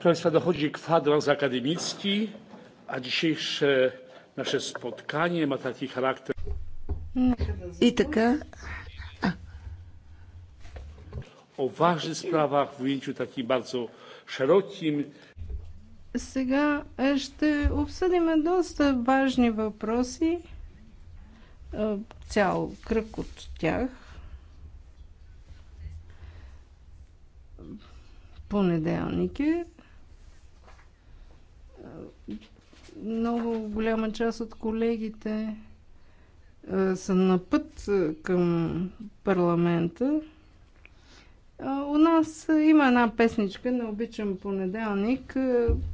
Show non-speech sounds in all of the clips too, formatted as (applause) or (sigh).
Proszę Państwa, dochodzi kwadrans akademicki, a dzisiejsze nasze spotkanie ma taki charakter. I taka. O ważnych sprawach w ujęciu takim bardzo szerokim. Сега ще обсъдим доста важни въпроси, цял кръг от тях. Понеделник е много голяма част от колегите са на път към парламента. У нас има една песничка, не обичам понеделник,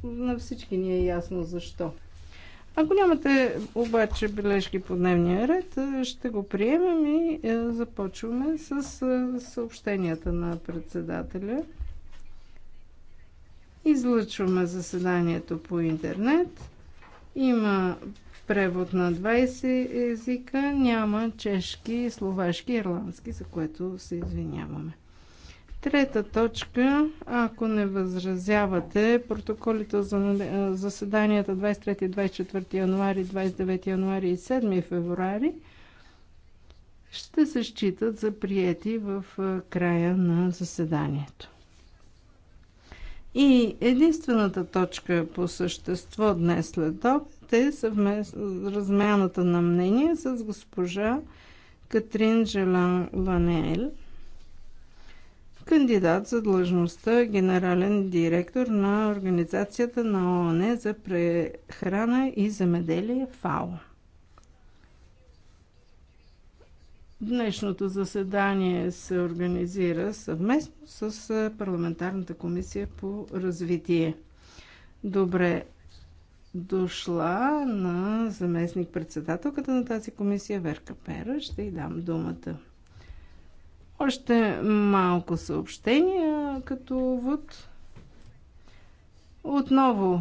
на всички ни е ясно защо. Ако нямате обаче бележки по дневния ред, ще го приемем и започваме с съобщенията на председателя. Излъчваме заседанието по интернет. Има превод на 20 езика, няма чешки, словашки, ирландски, за което се извиняваме. Трета точка, ако не възразявате, протоколите за нали, заседанията 23, 24 януари, 29 януари и 7 февруари ще се считат за приети в края на заседанието. И единствената точка по същество днес след обед е размяната на мнение с госпожа Катрин Желан Ванел, кандидат за длъжността генерален директор на Организацията на ООН за прехрана и земеделие ФАО. Днешното заседание се организира съвместно с Парламентарната комисия по развитие. Добре дошла на заместник-председателката на тази комисия Верка Пера. Ще й дам думата. Още малко съобщения като вод. Отново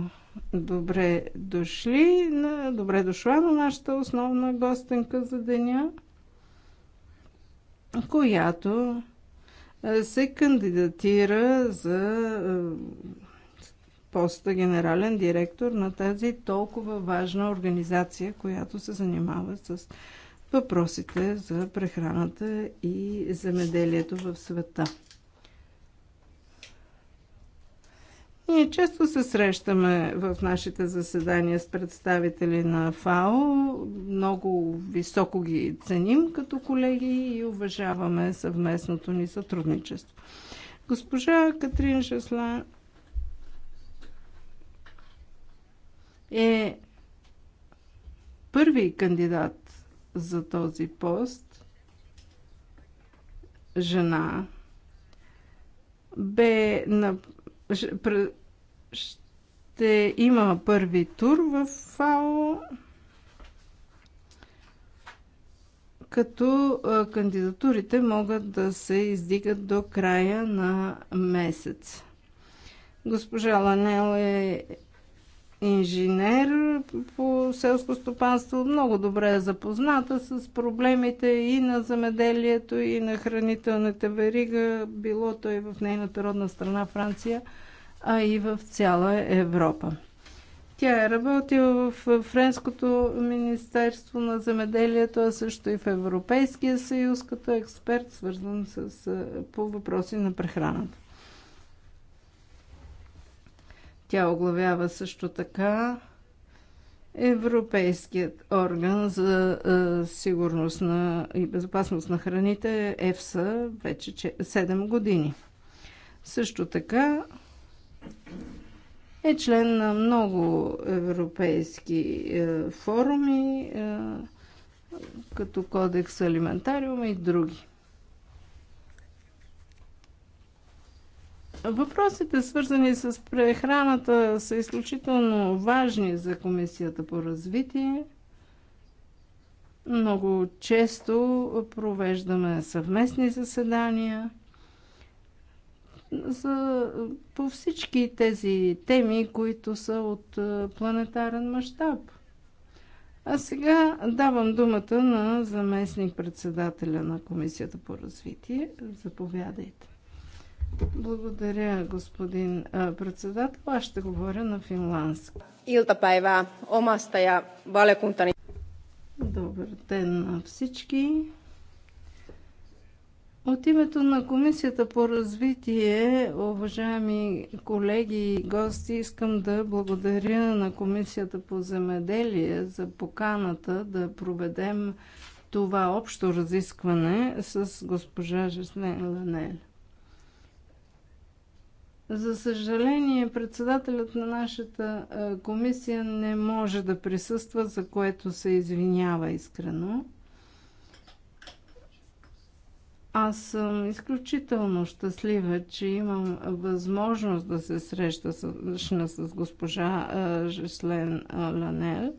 добре дошли, добре дошла на нашата основна гостенка за деня – която се кандидатира за поста генерален директор на тази толкова важна организация, която се занимава с въпросите за прехраната и земеделието в света. Ние често се срещаме в нашите заседания с представители на ФАО. Много високо ги ценим като колеги и уважаваме съвместното ни сътрудничество. Госпожа Катрин Шасла е първи кандидат за този пост. Жена бе на ще има първи тур в ФАО, като кандидатурите могат да се издигат до края на месец. Госпожа Ланел е инженер по селско стопанство, много добре е запозната с проблемите и на замеделието, и на хранителната верига, било той в нейната родна страна Франция – а и в цяла Европа. Тя е работила в Френското Министерство на земеделието, а също и в Европейския съюз като експерт, свързан с, по въпроси на прехраната. Тя оглавява също така Европейският орган за е, сигурност на и безопасност на храните ЕФСА вече 7 години. Също така е член на много европейски е, форуми, е, като Кодекс Алиментариум и други. Въпросите, свързани с прехраната, са изключително важни за Комисията по развитие. Много често провеждаме съвместни заседания – за, по всички тези теми, които са от е, планетарен мащаб. А сега давам думата на заместник-председателя на Комисията по развитие. Заповядайте. Благодаря, господин е, председател. Аз ще говоря на финландски. Илтапайва, омаста я валекунтани. Добър ден на всички. От името на Комисията по развитие, уважаеми колеги и гости, искам да благодаря на Комисията по земеделие за поканата да проведем това общо разискване с госпожа Жеснен Ланел. За съжаление, председателят на нашата комисия не може да присъства, за което се извинява искрено. Аз съм изключително щастлива, че имам възможност да се среща с, с госпожа Жеслен Ланел,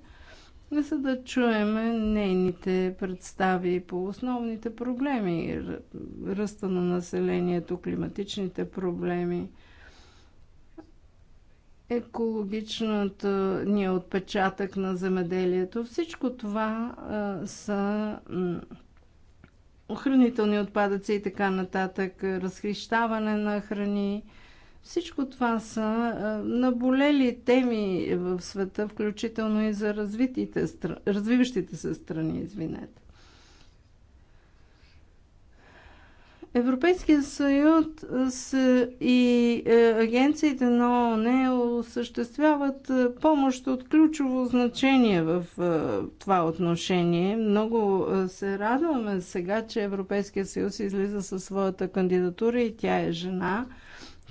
за да чуем нейните представи по основните проблеми, ръста на населението, климатичните проблеми, екологичната ни отпечатък на земеделието. Всичко това а, са хранителни отпадъци и така нататък, разхрищаване на храни. Всичко това са наболели теми в света, включително и за развитите, развиващите се страни, извинете. Европейския съюз и е, агенциите на ООН осъществяват е, помощ от ключово значение в е, това отношение. Много се радваме сега, че Европейския съюз излиза със своята кандидатура и тя е жена,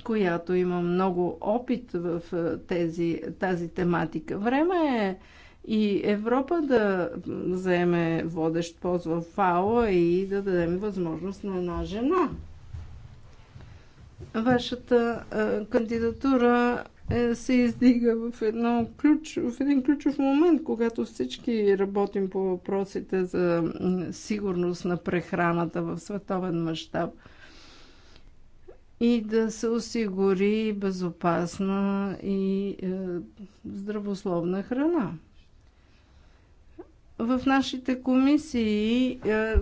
която има много опит в тези, тази тематика. Време е и Европа да заеме водещ полз в ФАО и да дадем възможност на една жена. Вашата а, кандидатура е, се издига в, едно ключ, в един ключов момент, когато всички работим по въпросите за сигурност на прехраната в световен мащаб и да се осигури безопасна и е, здравословна храна. В нашите комисии е,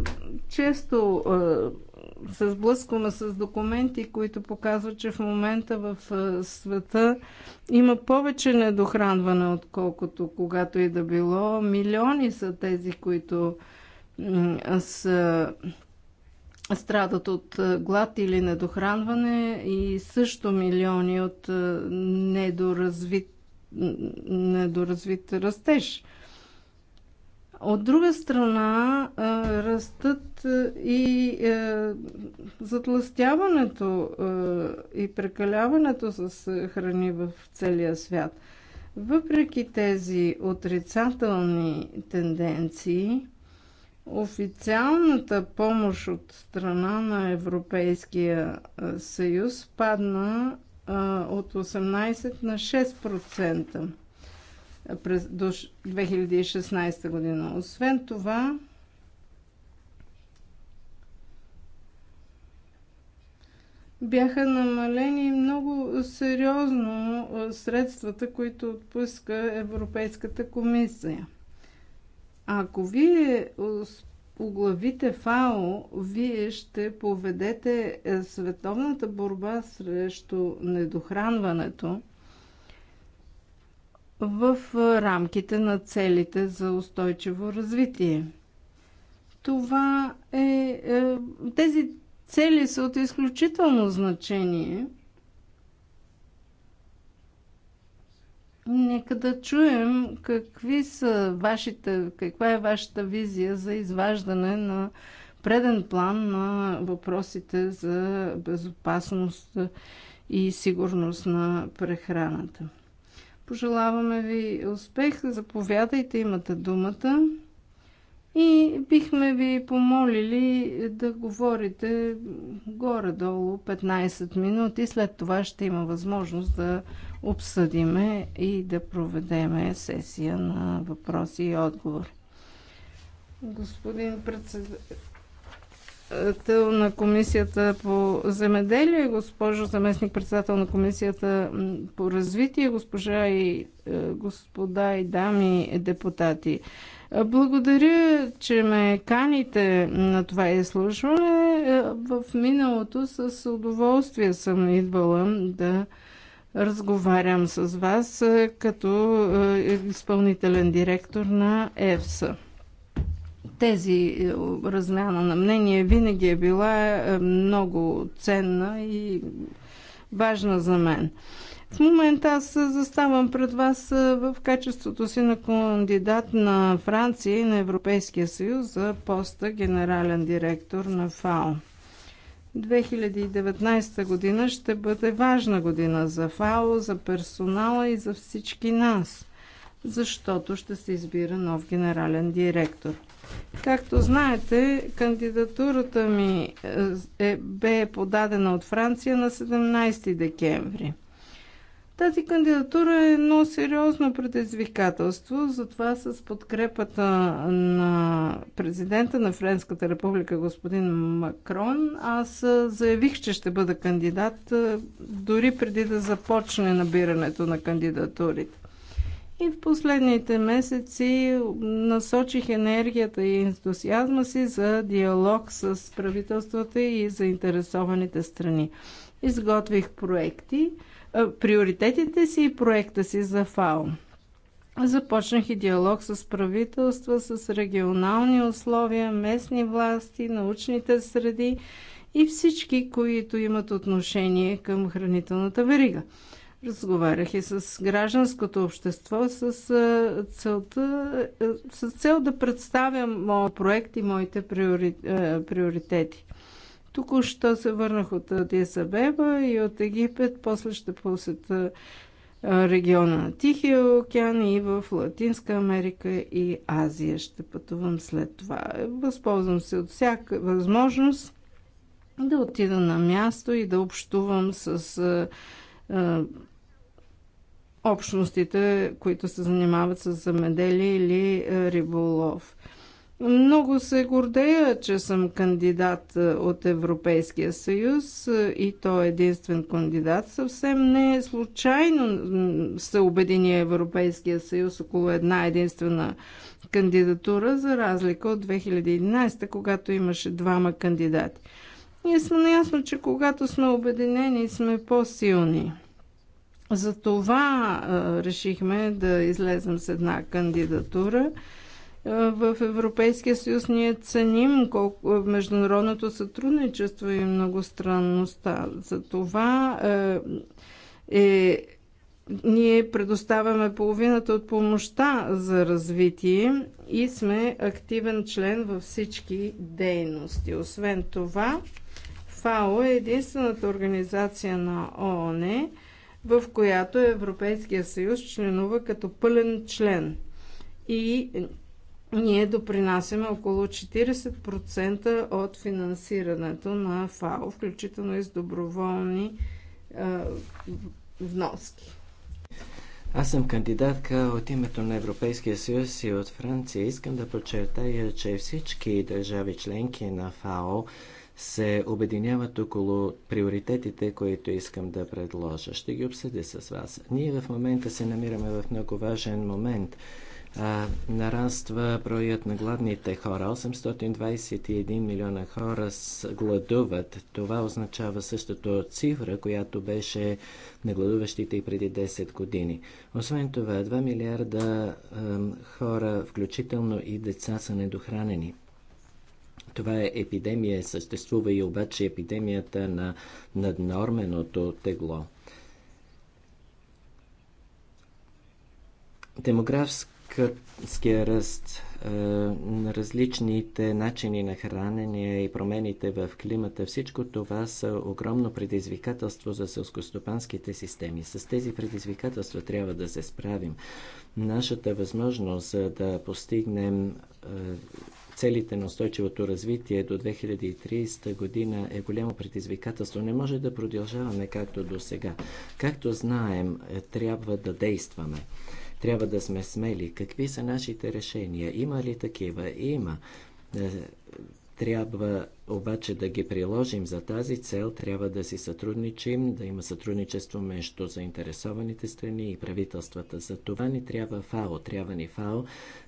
често е, се сблъскваме с документи, които показват, че в момента в е, света има повече недохранване, отколкото когато и да било. Милиони са тези, които са страдат от глад или недохранване и също милиони от недоразвит, недоразвит растеж. От друга страна, растат и затластяването и прекаляването с храни в целия свят. Въпреки тези отрицателни тенденции, официалната помощ от страна на Европейския съюз падна от 18 на 6% през, до 2016 година. Освен това, бяха намалени много сериозно средствата, които отпуска Европейската комисия. Ако вие оглавите ФАО, вие ще поведете е, световната борба срещу недохранването в рамките на целите за устойчиво развитие. Това е, е тези цели са от изключително значение. Нека да чуем какви са вашите, каква е вашата визия за изваждане на преден план на въпросите за безопасност и сигурност на прехраната. Пожелаваме ви успех. Заповядайте, имате думата. И бихме ви помолили да говорите горе-долу 15 минути. След това ще има възможност да обсъдиме и да проведеме сесия на въпроси и отговори. Господин председател, председател на Комисията по земеделие, госпожо заместник председател на Комисията по развитие, госпожа и е, господа и дами депутати. Благодаря, че ме каните на това изслушване. Е, в миналото с удоволствие съм идвала да разговарям с вас е, като изпълнителен директор на ЕФСА. Тези е, размяна на мнение винаги е била е, много ценна и важна за мен. В момента аз заставам пред вас е, в качеството си на кандидат на Франция и на Европейския съюз за поста генерален директор на ФАО. 2019 година ще бъде важна година за ФАО, за персонала и за всички нас, защото ще се избира нов генерален директор. Както знаете, кандидатурата ми е, бе подадена от Франция на 17 декември. Тази кандидатура е едно сериозно предизвикателство, затова с подкрепата на президента на Френската република господин Макрон, аз заявих, че ще бъда кандидат дори преди да започне набирането на кандидатурите. И в последните месеци насочих енергията и ентусиазма си за диалог с правителствата и заинтересованите страни. Изготвих проекти, приоритетите си и проекта си за ФАО. Започнах и диалог с правителства, с регионални условия, местни власти, научните среди и всички, които имат отношение към хранителната верига. Разговарях и с гражданското общество с, целта, с цел да представям моят проект и моите приоритети. Току-що се върнах от Адис и от Египет, после ще посетя региона на Тихия океан и в Латинска Америка и Азия ще пътувам след това. Възползвам се от всяка възможност да отида на място и да общувам с общностите, които се занимават с замеделие или е, риболов. Много се гордея, че съм кандидат е, от Европейския съюз е, и то е единствен кандидат. Съвсем не е случайно се обедини Европейския съюз около една единствена кандидатура, за разлика от 2011, когато имаше двама кандидати. Ние сме наясно, че когато сме обединени, сме по-силни. Затова решихме да излезем с една кандидатура. В Европейския съюз ние ценим колко международното сътрудничество и многостранността. Затова е, е, ние предоставяме половината от помощта за развитие и сме активен член във всички дейности. Освен това, ФАО е единствената организация на ООН, в която Европейския съюз членува като пълен член. И ние допринасяме около 40% от финансирането на ФАО, включително и с доброволни е, вноски. Аз съм кандидатка от името на Европейския съюз и от Франция. Искам да подчертая, че всички държави членки на ФАО се обединяват около приоритетите, които искам да предложа. Ще ги обсъдя с вас. Ние в момента се намираме в много важен момент. А, нараства броят на гладните хора. 821 милиона хора гладуват. Това означава същото цифра, която беше на гладуващите и преди 10 години. Освен това, 2 милиарда а, хора, включително и деца, са недохранени. Това е епидемия, съществува и обаче епидемията на наднорменото тегло. Демографския ръст, е, на различните начини на хранене и промените в климата, всичко това са огромно предизвикателство за селскостопанските системи. С тези предизвикателства трябва да се справим. Нашата възможност за да постигнем е, целите на устойчивото развитие до 2030 година е голямо предизвикателство. Не може да продължаваме както до сега. Както знаем, е, трябва да действаме. Трябва да сме смели. Какви са нашите решения? Има ли такива? Има е, трябва обаче да ги приложим за тази цел, трябва да си сътрудничим, да има сътрудничество между заинтересованите страни и правителствата. За това ни трябва ФАО, трябва ни ФАО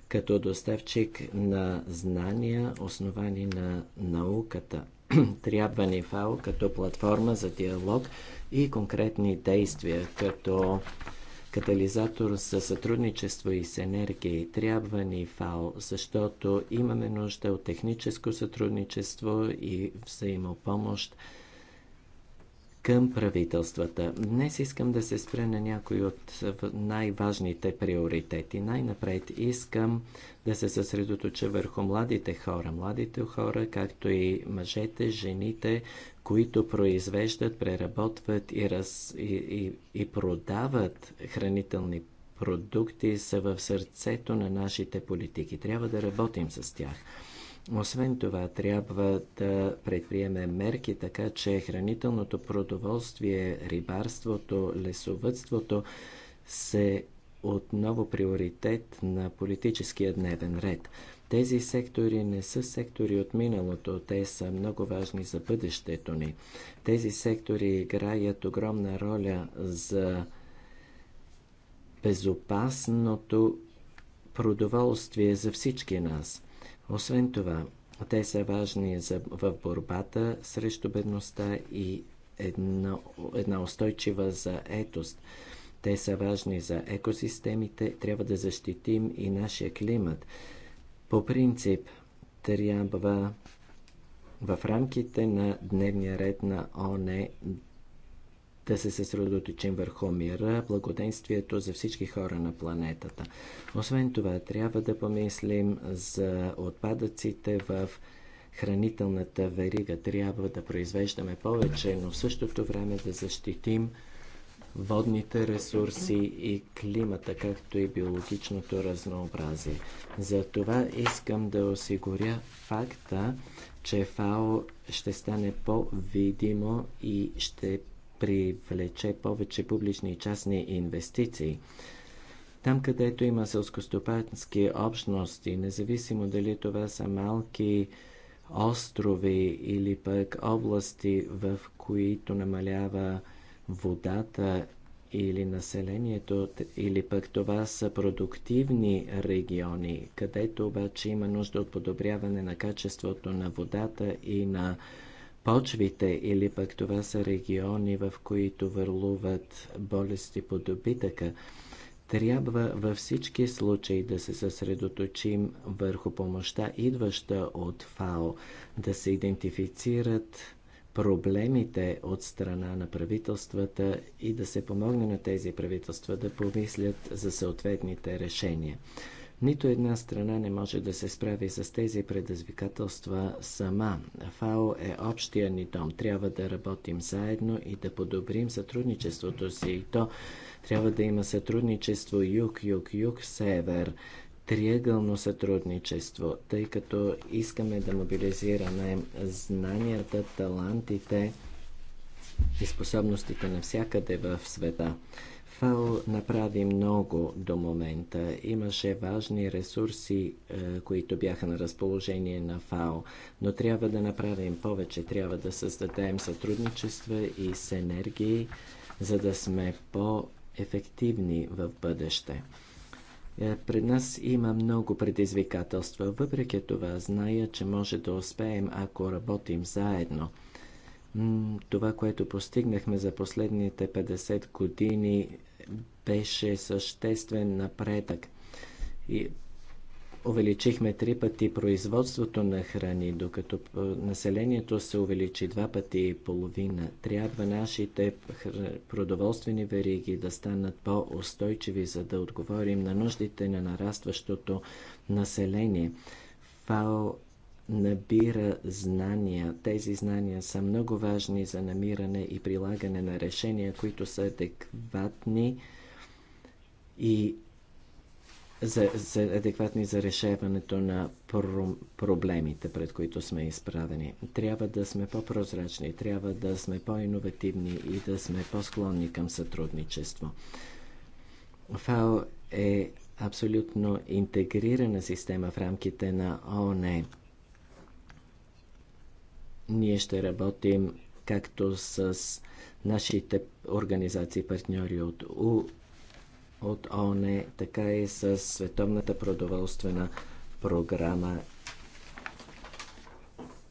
като доставчик на знания, основани на науката. (clears throat) трябва ни ФАО като платформа за диалог и конкретни действия, като катализатор за сътрудничество и синергии. Трябва ни ФАО, защото имаме нужда от техническо сътрудничество и взаимопомощ към правителствата. Днес искам да се спра на някои от най-важните приоритети. Най-напред искам да се съсредоточа върху младите хора. Младите хора, както и мъжете, жените, които произвеждат, преработват и, раз, и, и, и продават хранителни продукти, са в сърцето на нашите политики. Трябва да работим с тях. Освен това, трябва да предприемем мерки така, че хранителното продоволствие, рибарството, лесовътството се отново приоритет на политическия дневен ред. Тези сектори не са сектори от миналото, те са много важни за бъдещето ни. Тези сектори играят огромна роля за безопасното продоволствие за всички нас. Освен това, те са важни за, в борбата срещу бедността и една, една устойчива етост. Те са важни за екосистемите, трябва да защитим и нашия климат. По принцип, трябва в рамките на дневния ред на ОНЕ да се съсредоточим върху мира, благоденствието за всички хора на планетата. Освен това, трябва да помислим за отпадъците в хранителната верига. Трябва да произвеждаме повече, но в същото време да защитим водните ресурси и климата, както и биологичното разнообразие. Затова искам да осигуря факта, че ФАО ще стане по-видимо и ще привлече повече публични и частни инвестиции. Там, където има селскостопански общности, независимо дали това са малки острови или пък области, в които намалява водата или населението, или пък това са продуктивни региони, където обаче има нужда от подобряване на качеството на водата и на почвите, или пък това са региони, в които върлуват болести по добитъка. Трябва във всички случаи да се съсредоточим върху помощта, идваща от ФАО, да се идентифицират проблемите от страна на правителствата и да се помогне на тези правителства да помислят за съответните решения. Нито една страна не може да се справи с тези предизвикателства сама. ФАО е общия ни дом. Трябва да работим заедно и да подобрим сътрудничеството си. И то трябва да има сътрудничество юг-юг-юг-север триъгълно сътрудничество, тъй като искаме да мобилизираме знанията, талантите и способностите навсякъде в света. ФАО направи много до момента. Имаше важни ресурси, е, които бяха на разположение на ФАО, но трябва да направим повече. Трябва да създадем сътрудничества и синергии, за да сме по-ефективни в бъдеще. Е, пред нас има много предизвикателства. Въпреки това, зная, че може да успеем, ако работим заедно. Това, което постигнахме за последните 50 години, беше съществен напредък. И увеличихме три пъти производството на храни, докато населението се увеличи два пъти и половина. Трябва нашите продоволствени вериги да станат по-устойчиви, за да отговорим на нуждите на нарастващото население. ФАО набира знания. Тези знания са много важни за намиране и прилагане на решения, които са адекватни и за, за адекватни за решаването на про- проблемите, пред които сме изправени. Трябва да сме по-прозрачни, трябва да сме по-инновативни и да сме по-склонни към сътрудничество. ФАО е абсолютно интегрирана система в рамките на ООН. Ние ще работим както с нашите организации партньори от от ОНЕ, така и с Световната продоволствена програма.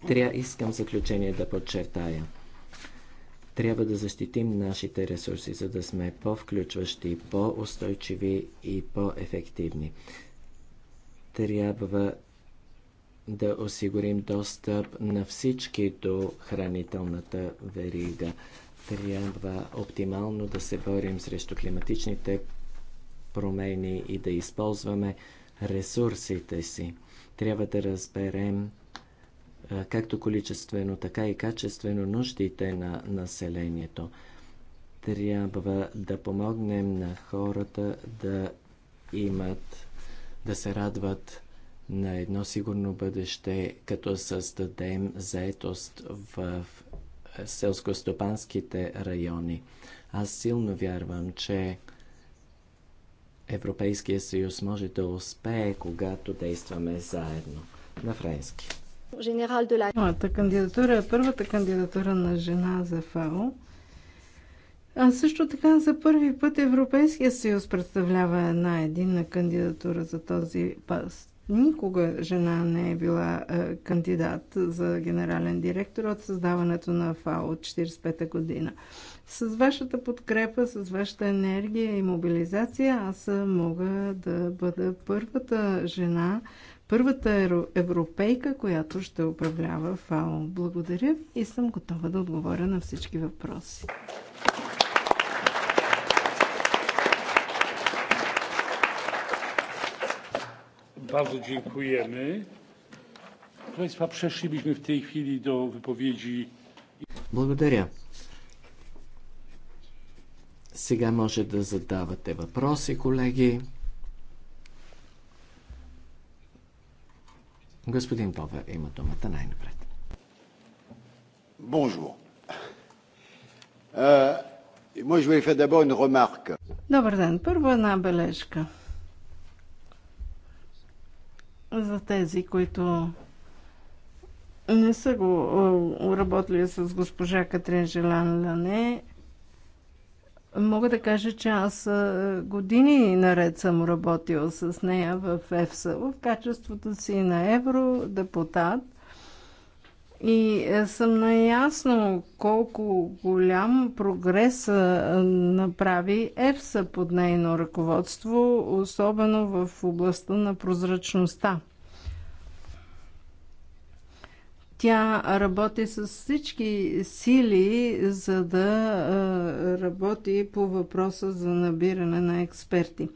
Тря, искам заключение да подчертая. Трябва да защитим нашите ресурси, за да сме по-включващи, по-устойчиви и по-ефективни. Трябва да осигурим достъп на всички до хранителната верига. Трябва оптимално да се борим срещу климатичните промени и да използваме ресурсите си. Трябва да разберем както количествено, така и качествено нуждите на населението. Трябва да помогнем на хората да имат, да се радват на едно сигурно бъдеще, като създадем заетост в селскостопанските райони. Аз силно вярвам, че Европейския съюз може да успее, когато действаме заедно. На френски. Генерал Моята кандидатура е първата кандидатура на жена за ФАО. А също така за първи път Европейския съюз представлява една единна кандидатура за този пост. Никога жена не е била е, кандидат за генерален директор от създаването на ФАО от 1945 година. С вашата подкрепа, с вашата енергия и мобилизация аз мога да бъда първата жена, първата европейка, която ще управлява ФАО. Благодаря и съм готова да отговоря на всички въпроси. bardzo dziękujemy. Państwa, przeszlibyśmy w tej chwili do wypowiedzi. Благодаря. Сега може да задавате въпроси, колеги. Господин Това има думата най-напред. Бонжо. Може би е да бъде ремарка. Добър ден. Първа една бележка за тези, които не са го е, работили с госпожа Катрин Желан Лане, мога да кажа, че аз е, години наред съм работил с нея в ЕФСА в качеството си на евродепутат и е, съм наясно колко голям прогрес е, направи ЕФСА под нейно ръководство, особено в областта на прозрачността. Тя работи с всички сили, за да е, работи по въпроса за набиране на експерти.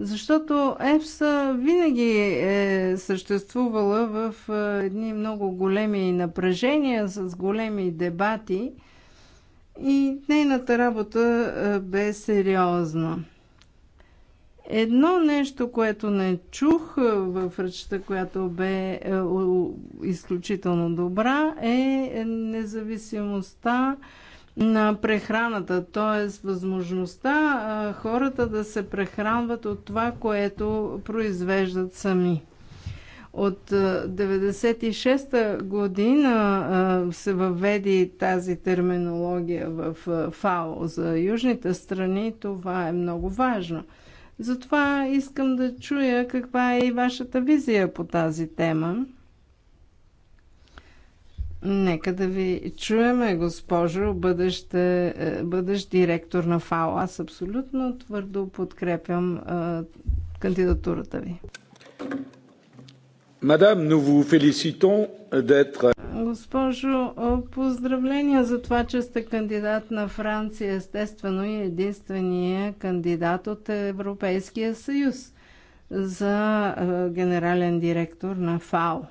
Защото ЕФСА винаги е съществувала в е, едни много големи напрежения, с големи дебати и нейната работа е, бе сериозна. Едно нещо, което не чух е, в речта, която бе изключително добра, е независимостта на прехраната, т.е. възможността а, хората да се прехранват от това, което произвеждат сами. От 1996 година а, се въведи тази терминология в ФАО за южните страни. Това е много важно. Затова искам да чуя каква е и вашата визия по тази тема. Нека да ви чуеме, госпожо, бъдеще, е, бъдещ директор на ФАО. Аз абсолютно твърдо подкрепям а, е, кандидатурата ви. Мадам, ну ву félicitons d'être... Госпожо, е, поздравления за това, че сте кандидат на Франция, естествено и единствения кандидат от Европейския съюз за генерален директор на ФАО.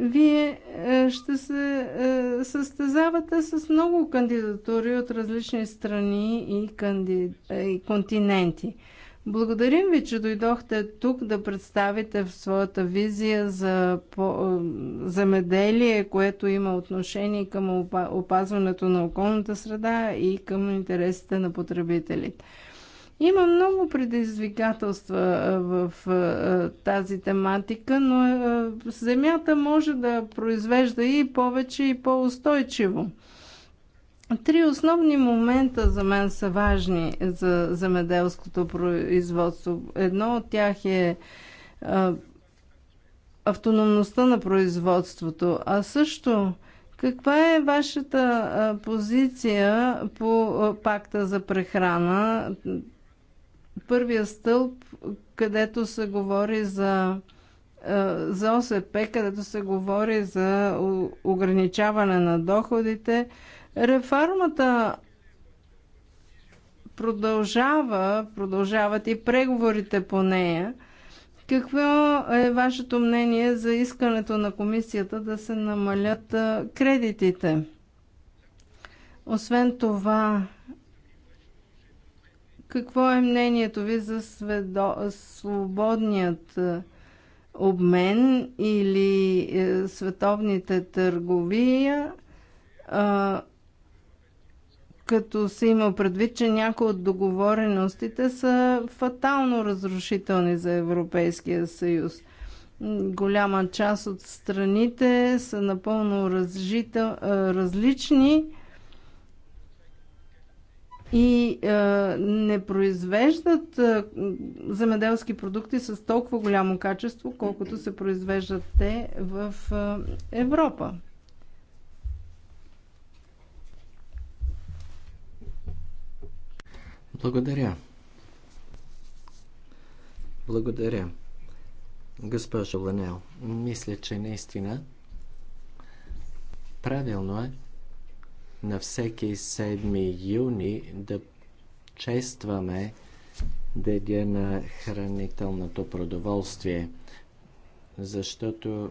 Вие е, ще се е, състезавате с много кандидатури от различни страни и, канди... Е, и континенти. Благодарим ви, че дойдохте тук да представите в своята визия за по... замеделие, което има отношение към опазването на околната среда и към интересите на потребителите. Има много предизвикателства в тази тематика, но земята може да произвежда и повече и по-устойчиво. Три основни момента за мен са важни за земеделското производство. Едно от тях е автономността на производството, а също каква е вашата позиция по пакта за прехрана? първия стълб, където се говори за е, за ОСП, където се говори за ограничаване на доходите. Реформата продължава, продължават и преговорите по нея. Какво е вашето мнение за искането на комисията да се намалят е, кредитите? Освен това, какво е мнението ви за сведо... свободният е, обмен или е, световните търговия? Е, като се има предвид, че някои от договореностите са фатално разрушителни за Европейския съюз. Голяма част от страните са напълно разжител... различни и а, е, не произвеждат а, е, земеделски продукти с толкова голямо качество, колкото се произвеждат те в а, е, Европа. Благодаря. Благодаря. Госпожо Ланел, мисля, че наистина правилно е на всеки 7 юни да честваме Деня на хранителното продоволствие, защото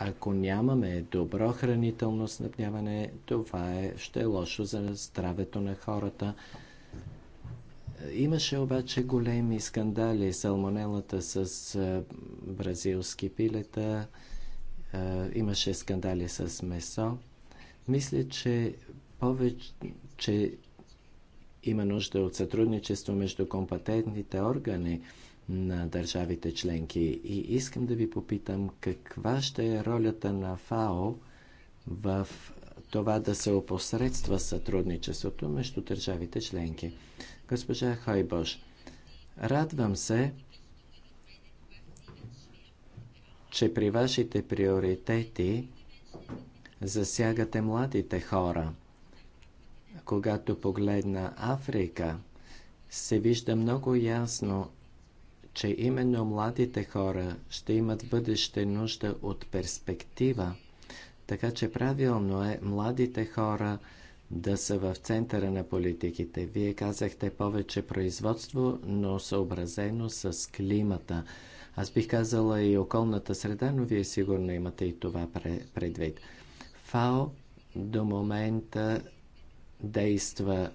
ако нямаме добро хранително снабдяване, това е, ще е лошо за здравето на хората. Имаше обаче големи скандали. Салмонелата с е, бразилски пилета, е, имаше скандали с месо. Мисля, че повече че има нужда от сътрудничество между компетентните органи на държавите членки. И искам да ви попитам каква ще е ролята на ФАО в това да се опосредства сътрудничеството между държавите членки. Госпожа Хайбош, радвам се, че при вашите приоритети Засягате младите хора. Когато погледна Африка, се вижда много ясно, че именно младите хора ще имат бъдеще нужда от перспектива. Така че правилно е младите хора да са в центъра на политиките. Вие казахте повече производство, но съобразено с климата. Аз бих казала и околната среда, но вие сигурно имате и това предвид. ФАО до момента действа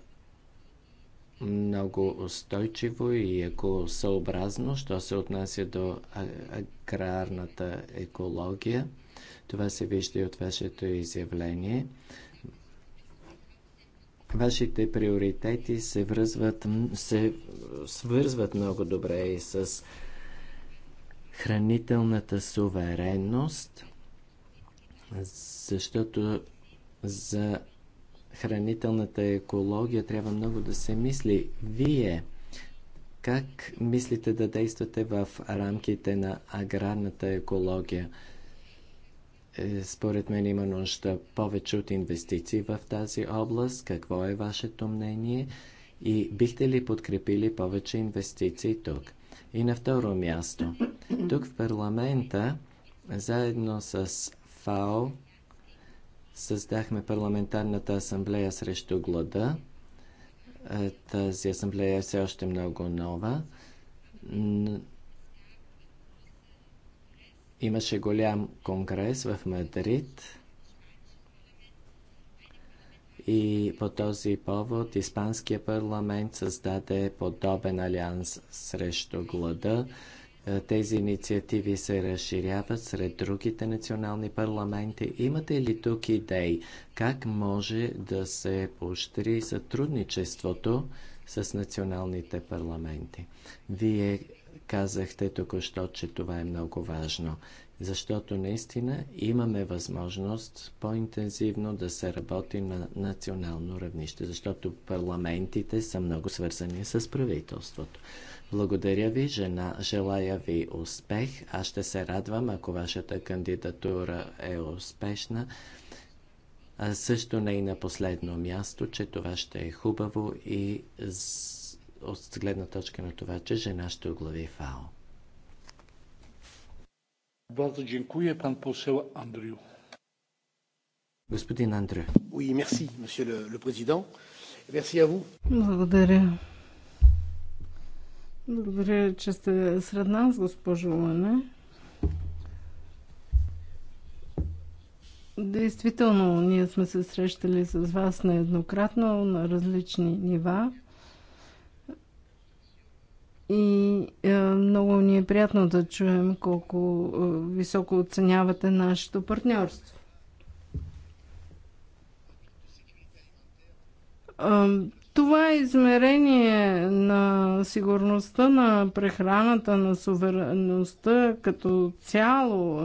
много устойчиво и екосъобразно, що се отнася до аграрната екология. Това се вижда и от вашето изявление. Вашите приоритети се, връзват, се свързват много добре и с хранителната суверенност – защото за хранителната екология трябва много да се мисли. Вие как мислите да действате в рамките на аграрната екология? Е, според мен има нужда повече от инвестиции в тази област. Какво е вашето мнение? И бихте ли подкрепили повече инвестиции тук? И на второ място, тук в парламента, заедно с ФАО създахме парламентарната асамблея срещу глада. Е, тази асамблея е все още много нова. Имаше голям конгрес в Мадрид и по този повод Испанския парламент създаде подобен алианс срещу глада. Е, тези инициативи се разширяват сред другите национални парламенти. Имате ли тук идеи как може да се поощри сътрудничеството с националните парламенти? Вие казахте току-що, че това е много важно, защото наистина имаме възможност по-интензивно да се работи на национално равнище, защото парламентите са много свързани с правителството. Благодаря ви, жена. Желая ви успех. Аз ще се радвам, ако вашата кандидатура е успешна. А също не и на последно място, че това ще е хубаво и от гледна точка на това, че жена ще оглави ФАО. Bardzo dziękuję. Pan poseł Andriu. Господин Андрю. Oui, merci, monsieur le, le président. Merci à vous. Благодаря, благодаря, че сте сред нас, госпожо Лане. Действително, ние сме се срещали с вас нееднократно на различни нива. И е, много ни е приятно да чуем колко е, високо оценявате нашето партньорство. Това е измерение на сигурността на прехраната, на суверенността като цяло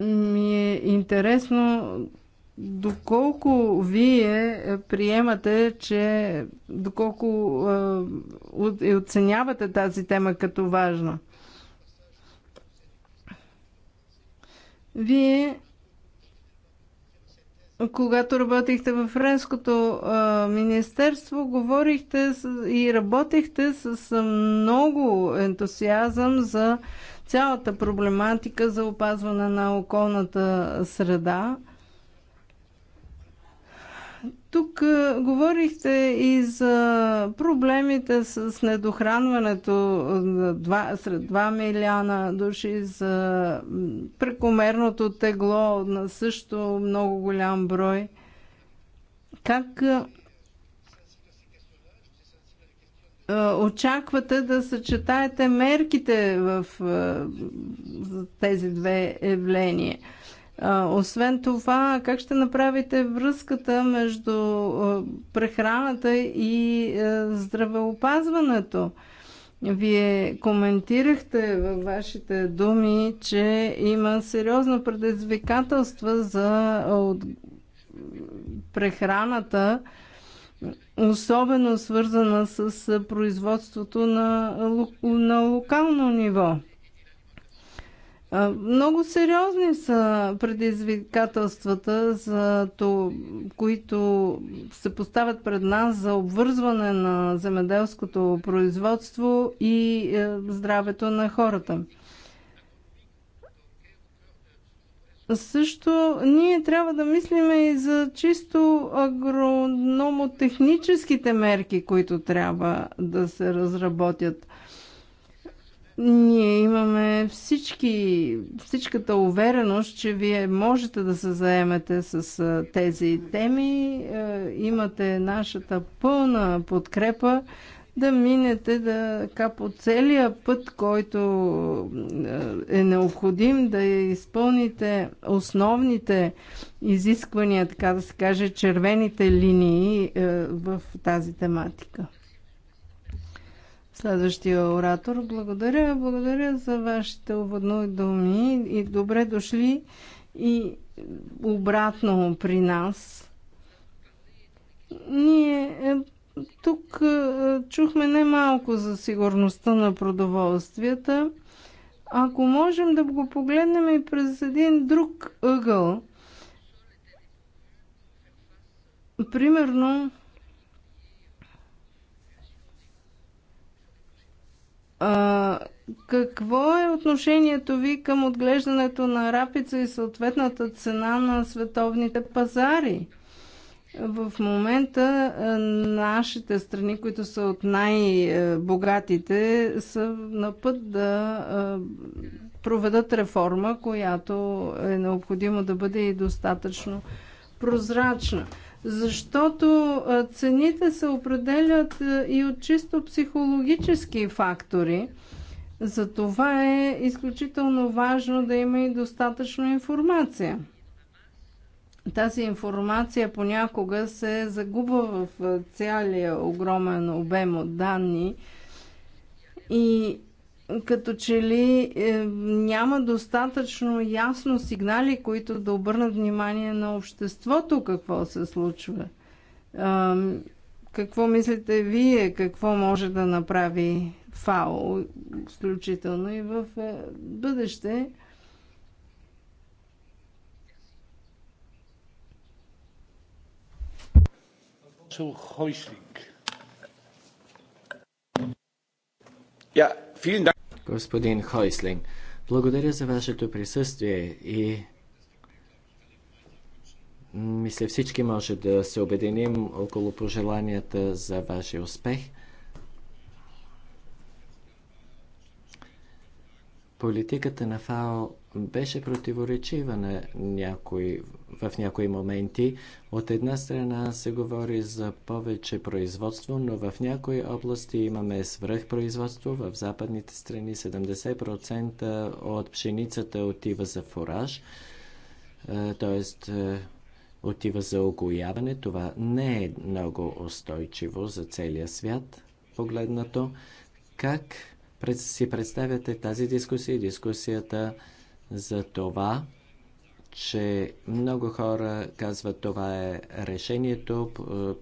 ми е интересно доколко вие приемате, че доколко е, оценявате тази тема като важна. Вие когато работихте във Френското а, министерство, говорихте с, и работихте с, с много ентусиазъм за цялата проблематика за опазване на околната среда. Тук говорихте и за проблемите с недохранването два, сред 2 милиона души, за прекомерното тегло на също много голям брой. Как очаквате да съчетаете мерките в тези две явления – освен това, как ще направите връзката между прехраната и здравеопазването? Вие коментирахте във вашите думи, че има сериозно предизвикателства за прехраната, особено свързана с производството на, на локално ниво. Много сериозни са предизвикателствата, за то, които се поставят пред нас за обвързване на земеделското производство и е, здравето на хората. Също ние трябва да мислиме и за чисто агрономотехническите мерки, които трябва да се разработят ние имаме всички, всичката увереност, че вие можете да се заемете с тези теми. Е, имате нашата пълна подкрепа да минете да, така, по целия път, който е, е необходим, да изпълните основните изисквания, така да се каже, червените линии е, в тази тематика. Следващия оратор. Благодаря, благодаря за вашите уводно думи и добре дошли и обратно при нас. Ние е, тук е, чухме немалко за сигурността на продоволствията. Ако можем да го погледнем и през един друг ъгъл, примерно А, какво е отношението ви към отглеждането на рапица и съответната цена на световните пазари? В момента нашите страни, които са от най-богатите, са на път да проведат реформа, която е необходимо да бъде и достатъчно прозрачна защото цените се определят и от чисто психологически фактори. Затова е изключително важно да има и достатъчно информация. Тази информация понякога се загубва в цялия огромен обем от данни и като че ли е, няма достатъчно ясно сигнали, които да обърнат внимание на обществото какво се случва. Е, какво мислите вие, какво може да направи ФАО, включително и в е, бъдеще? Хойшлинг. Ja, vielen Dank господин Хойслинг. Благодаря за вашето присъствие и мисля всички може да се обединим около пожеланията за вашия успех. Политиката на ФАО беше противоречива на някои в някои моменти. От една страна се говори за повече производство, но в някои области имаме свръхпроизводство. В западните страни 70% от пшеницата отива за фураж, т.е. Е, отива за огояване. Това не е много устойчиво за целия свят погледнато. Как си представяте тази дискусия и дискусията за това, че много хора казват това е решението,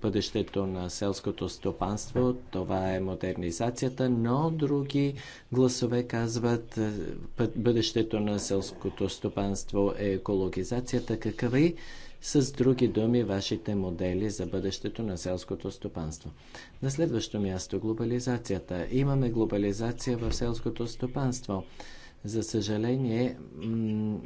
бъдещето на селското стопанство, това е модернизацията, но други гласове казват е, бъдещето на селското стопанство е екологизацията. Какви е с други думи вашите модели за бъдещето на селското стопанство? На следващо място глобализацията. Имаме глобализация в селското стопанство. За съжаление,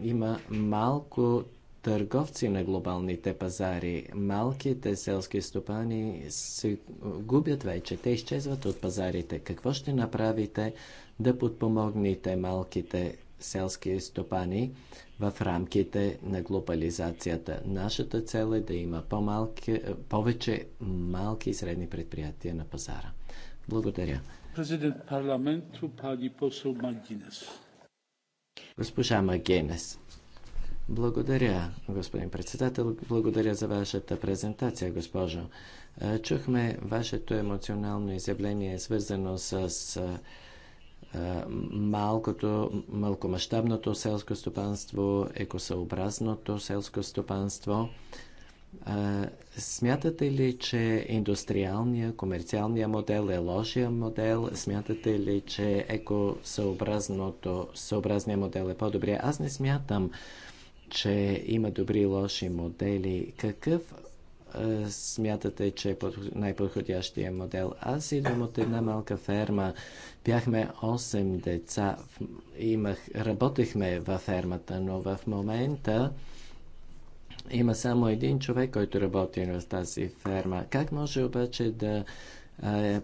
има малко търговци на глобалните пазари. Малките селски стопани се губят вече. Те изчезват от пазарите. Какво ще направите да подпомогнете малките селски стопани в рамките на глобализацията? Нашата цел е да има по-малки, повече малки и средни предприятия на пазара. Благодаря. Президент парламенту, пани посол Магинес. Госпожа Магенес. Благодаря, господин председател. Благодаря за вашата презентация, госпожо. Чухме вашето емоционално изявление, свързано с малкото, малкомащабното селско стопанство, екосъобразното селско стопанство. Смятате ли, че индустриалния, комерциалния модел е лошия модел? Смятате ли, че екосъобразният модел е по-добрия? Аз не смятам, че има добри и лоши модели. Какъв смятате, че е най-подходящия модел? Аз идвам от една малка ферма. Бяхме 8 деца. Имах, работехме във фермата, но в момента има само един човек, който работи в тази ферма. Как може обаче да е,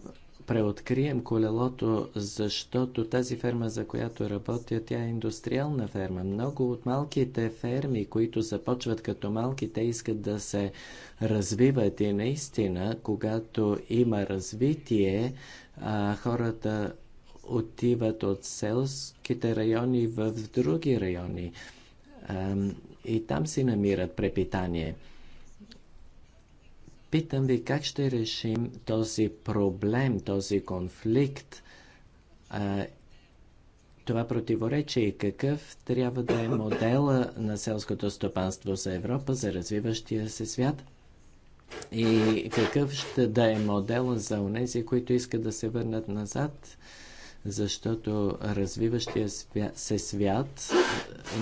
преоткрием колелото, защото тази ферма, за която работя, тя е индустриална ферма. Много от малките ферми, които започват като малки, те искат да се развиват и наистина, когато има развитие, а, хората отиват от селските райони в други райони и там си намират препитание. Питам ви как ще решим този проблем, този конфликт, а, това противоречие и какъв трябва да е модела на селското стопанство за Европа, за развиващия се свят и какъв ще да е модела за онези, които искат да се върнат назад защото развиващия се свят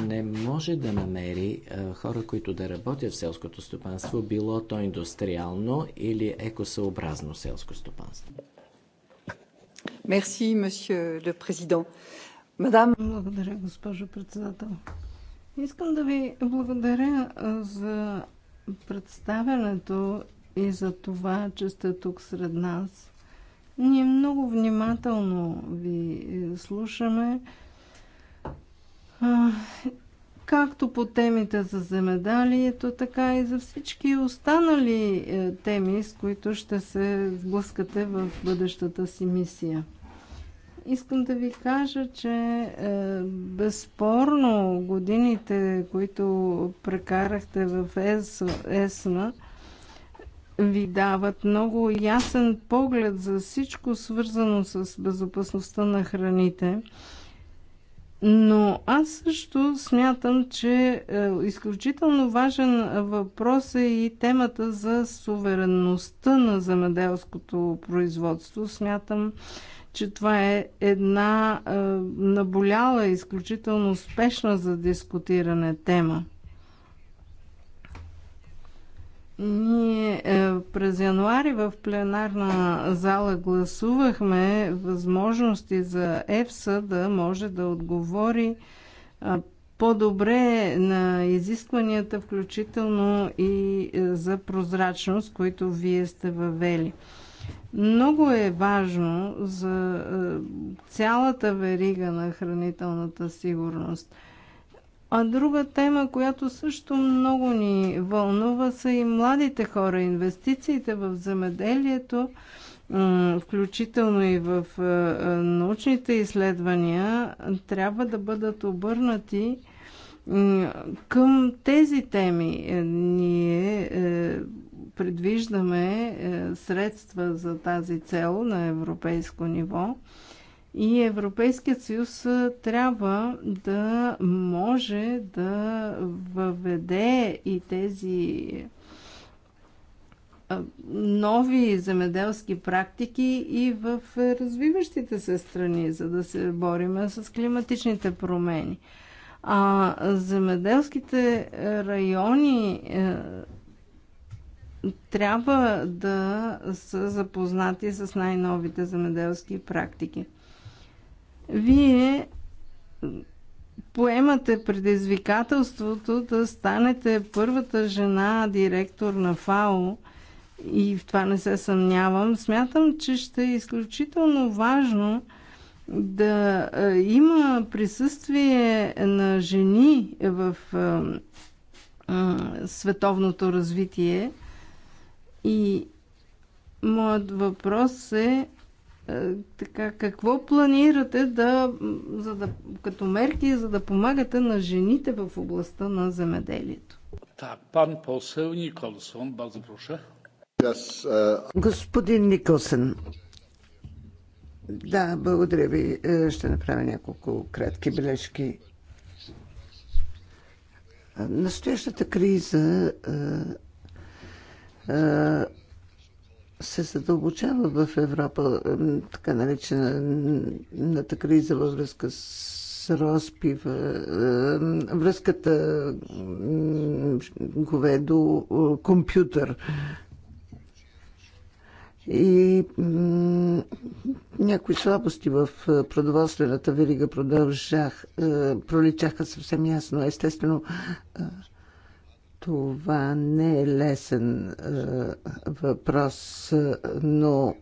не може да намери хора, които да работят в селското стопанство, било то индустриално или екосъобразно селско стопанство. Мерси, месье президент. Мадам... Благодаря, госпожо председател. Искам да ви благодаря за представянето и за това, че сте тук сред нас ние много внимателно ви е, слушаме. Както по темите за земедалието, така и за всички останали е, теми, с които ще се сблъскате в бъдещата си мисия искам да ви кажа, че е, безспорно годините, които прекарахте в ЕС, ЕСНА, ви дават много ясен поглед за всичко свързано с безопасността на храните. Но аз също смятам, че е, изключително важен въпрос е и темата за суверенността на земеделското производство. Смятам, че това е една е, наболяла, изключително успешна за дискутиране тема. Ние е, през януари в пленарна зала гласувахме възможности за ЕФСА да може да отговори е, по-добре на изискванията, включително и е, за прозрачност, които вие сте въвели. Много е важно за цялата верига на хранителната сигурност – а друга тема, която също много ни вълнува, са и младите хора. Инвестициите в земеделието, включително и в е, е, научните изследвания, трябва да бъдат обърнати към тези теми. Е, ние предвиждаме средства за тази цел на европейско ниво. И Европейският съюз трябва да може да въведе и тези нови земеделски практики и в развиващите се страни, за да се бориме с климатичните промени. А земеделските райони трябва да са запознати с най-новите земеделски практики. Вие поемате предизвикателството да станете първата жена директор на ФАО и в това не се съмнявам. Смятам, че ще е изключително важно да е, има присъствие на жени в е, световното развитие и моят въпрос е е, така, какво планирате да, за да, като мерки, за да помагате на жените в областта на земеделието? Та, пан посел Николсон, бързо проша. Е, Господин Николсен, да, благодаря ви. Е, ще направя няколко кратки бележки. Настоящата криза се задълбочава в Европа така наречената криза във връзка с разпива, връзката говедо компютър. И някои слабости в е, продоволствената верига продължах, е, проличаха съвсем ясно. Естествено, е, това не е лесен е, въпрос, е, но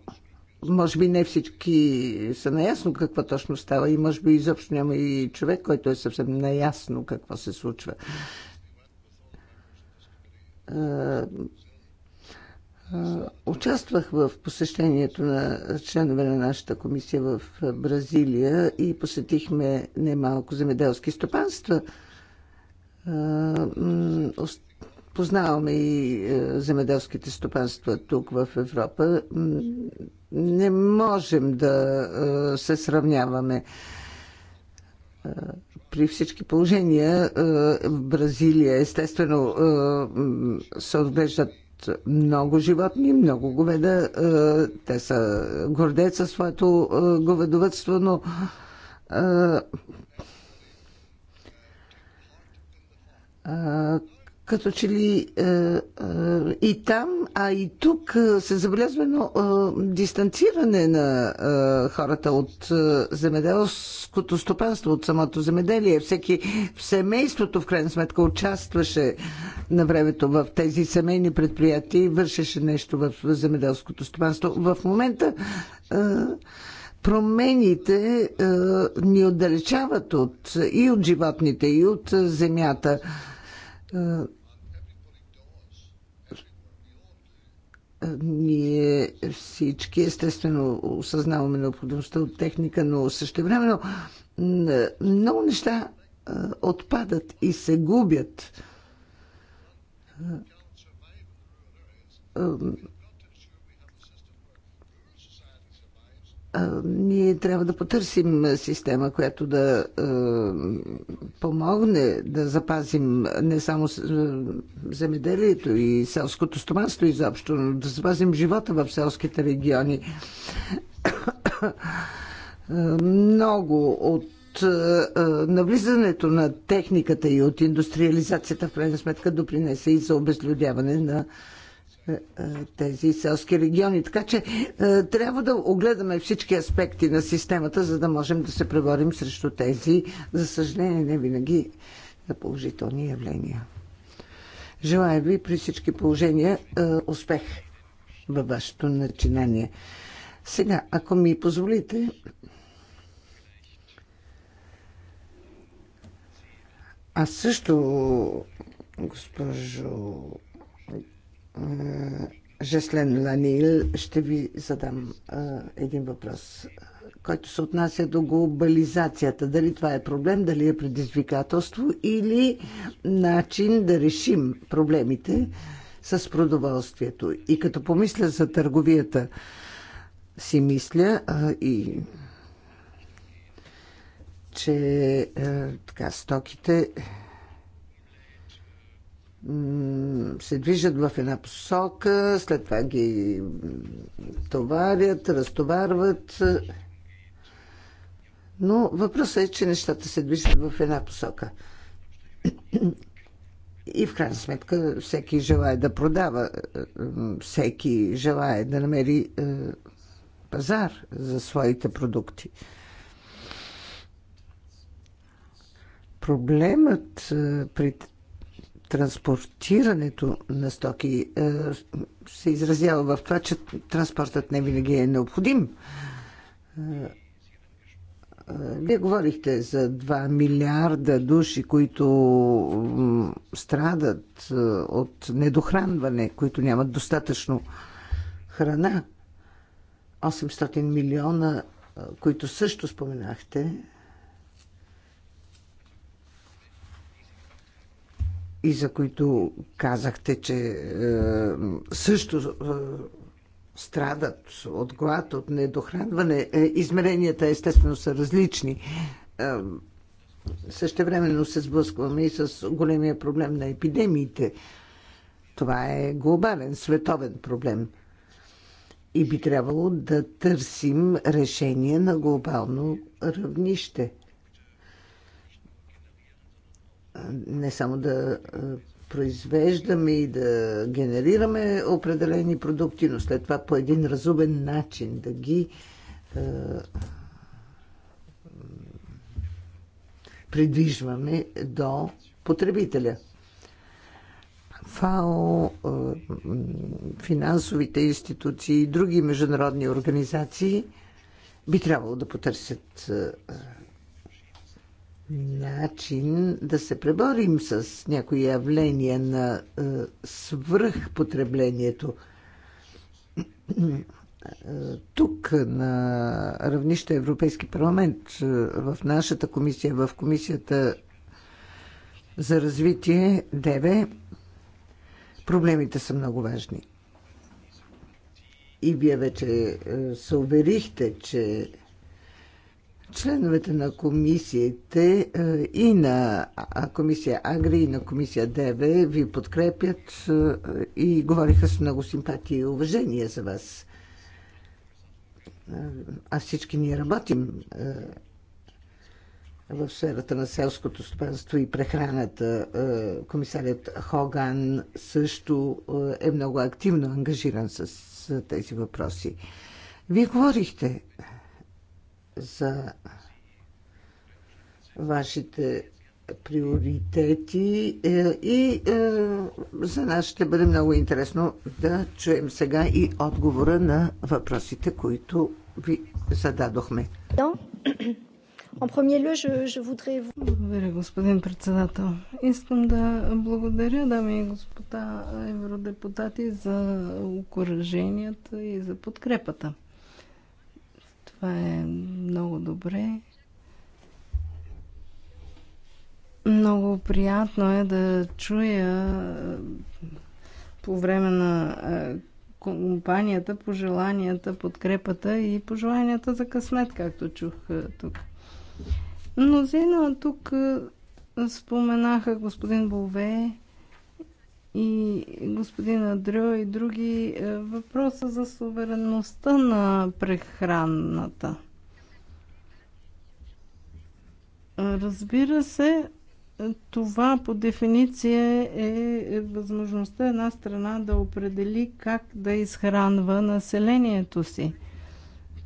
може би не всички са наясно какво точно става и може би изобщо няма и човек, който е съвсем наясно какво се случва. Е, е, участвах в посещението на членове на нашата комисия в Бразилия и посетихме немалко земеделски стопанства. Познаваме и е, земеделските стопанства тук в Европа. Не можем да е, се сравняваме. Е, при всички положения в Бразилия естествено се отглеждат много животни, много говеда. Те са гордеят със своето говедовътство, но като че ли е, е, и там, а и тук е, се забелязва едно е, дистанциране на е, хората от е, земеделското стопанство, от самото земеделие. Всеки в семейството, в крайна сметка, участваше на времето в тези семейни предприятия и вършеше нещо в земеделското стопанство. В момента е, промените е, ни отдалечават от, и от животните, и от е, земята ние всички естествено осъзнаваме необходимостта от техника, но времено много неща отпадат и се губят. ние трябва да потърсим система, която да а, помогне да запазим не само земеделието и селското стоманство изобщо, но да запазим живота в селските региони. Много от навлизането на техниката и от индустриализацията в крайна сметка допринесе и за обезлюдяване на е, тези селски региони. Така че е, трябва да огледаме всички аспекти на системата, за да можем да се преборим срещу тези, за съжаление, не винаги положителни явления. Желая ви при всички положения е, успех във вашето начинание. Сега, ако ми позволите, аз също, госпожо е, Жеслен Ланил ще ви задам е, един въпрос, който се отнася до глобализацията. Дали това е проблем, дали е предизвикателство или начин да решим проблемите с продоволствието. И като помисля за търговията, си мисля а, и че а, е, така, стоките се движат в една посока, след това ги товарят, разтоварват. Но въпросът е, че нещата се движат в една посока. И в крайна сметка всеки желая да продава, всеки желая да намери е, пазар за своите продукти. Проблемът е, при транспортирането на стоки е, се изразява в това, че транспортът не винаги е необходим. Е, е, вие говорихте за 2 милиарда души, които страдат от недохранване, които нямат достатъчно храна. 800 милиона, които също споменахте, и за които казахте, че е, също е, страдат от глад, от недохранване. Е, измеренията естествено са различни. Е, същевременно се сблъскваме и с големия проблем на епидемиите. Това е глобален, световен проблем. И би трябвало да търсим решение на глобално равнище – не само да произвеждаме и да генерираме определени продукти, но след това по един разумен начин да ги е, придвижваме до потребителя. ФАО, е, финансовите институции и други международни организации би трябвало да потърсят е, начин да се преборим с някои явления на е, свръхпотреблението. Е, тук на равнище Европейски парламент, е, в нашата комисия, в комисията за развитие ДВ, проблемите са много важни. И вие вече е, се уверихте, че членовете на комисиите е, и на комисия Агри и на комисия ДВ ви подкрепят е, и говориха с много симпатия и уважение за вас. Е, а всички ние работим в сферата на селското стопанство и прехраната. Комисарят Хоган също е много активно ангажиран с тези въпроси. Вие говорихте за вашите приоритети е, и е, за нас ще бъде много интересно да чуем сега и отговора на въпросите, които ви зададохме. Благодаря, господин председател. Искам да благодаря, дами и господа евродепутати, за окоръженията и за подкрепата. Това е много добре. Много приятно е да чуя по време на компанията, пожеланията, подкрепата и пожеланията за късмет, както чух тук. Мнозина тук споменаха господин Бове и господин Адрю и други е, въпроса за суверенността на прехранната. Разбира се, това по дефиниция е възможността една страна да определи как да изхранва населението си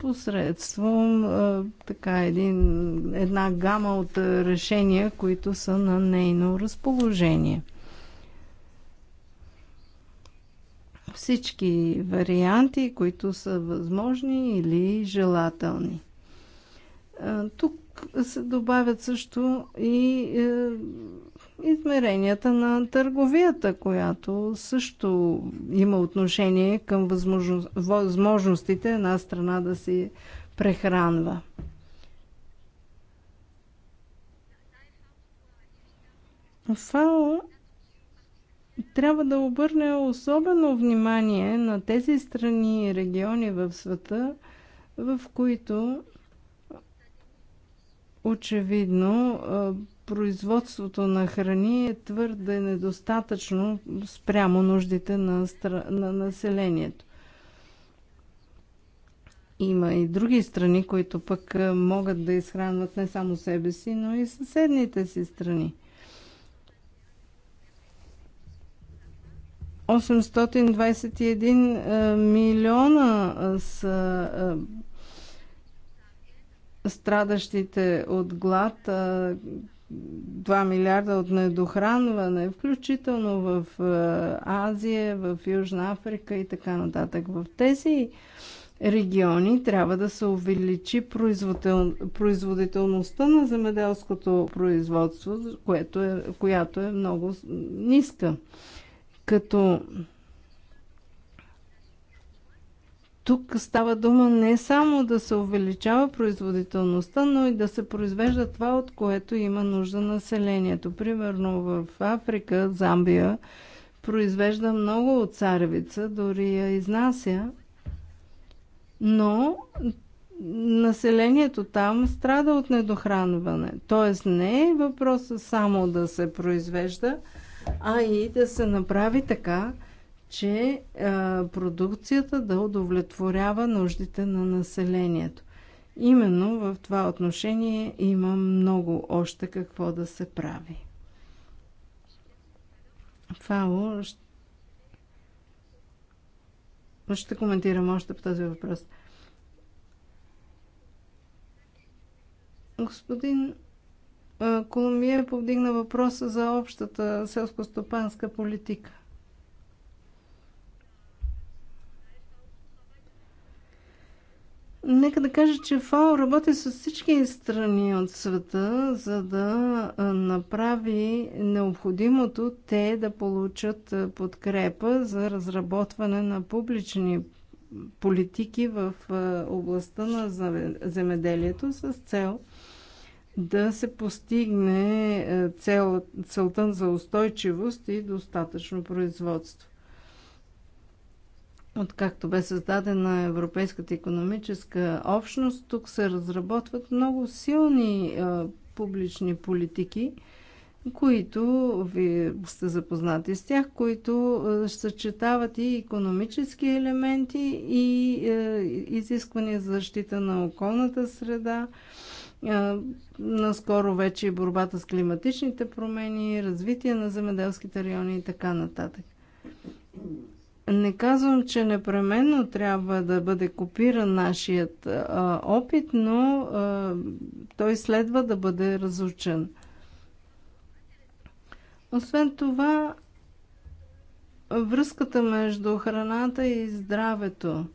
посредством е, така един, една гама от решения, които са на нейно разположение – всички варианти, които са възможни или желателни. Тук се добавят също и е, измеренията на търговията, която също има отношение към възможностите една страна да се прехранва. ФАО трябва да обърне особено внимание на тези страни и региони в света, в които очевидно производството на храни е твърде недостатъчно спрямо нуждите на, стра... на населението. Има и други страни, които пък могат да изхранват не само себе си, но и съседните си страни. 821 е, милиона е, са е, страдащите от глад, 2 милиарда от недохранване, включително в Азия, в Южна Африка и така нататък. В тези региони трябва да се увеличи производител... производителността на земеделското производство, което е, която е много ниска. Като тук става дума не само да се увеличава производителността, но и да се произвежда това, от което има нужда населението. Примерно в Африка, Замбия, произвежда много от царевица, дори я изнася, но населението там страда от недохранване. Тоест не е въпроса само да се произвежда, а и да се направи така, че продукцията да удовлетворява нуждите на населението. Именно в това отношение има много още какво да се прави. Фао, ще коментирам още по този въпрос. Господин Колумбия е повдигна въпроса за общата селско-стопанска политика. Нека да кажа, че ФАО работи с всички страни от света, за да направи необходимото те да получат подкрепа за разработване на публични политики в областта на земеделието с цел да се постигне е, цел, целта за устойчивост и достатъчно производство. Откакто бе създадена Европейската економическа общност, тук се разработват много силни а, е, публични политики, които ви сте запознати с тях, които е, съчетават и економически елементи, и е, изисквания за защита на околната среда, е, наскоро вече и борбата с климатичните промени, развитие на земеделските райони и така нататък. Не казвам, че непременно трябва да бъде копиран нашият а, опит, но а, той следва да бъде разучен. Освен това, връзката между храната и здравето.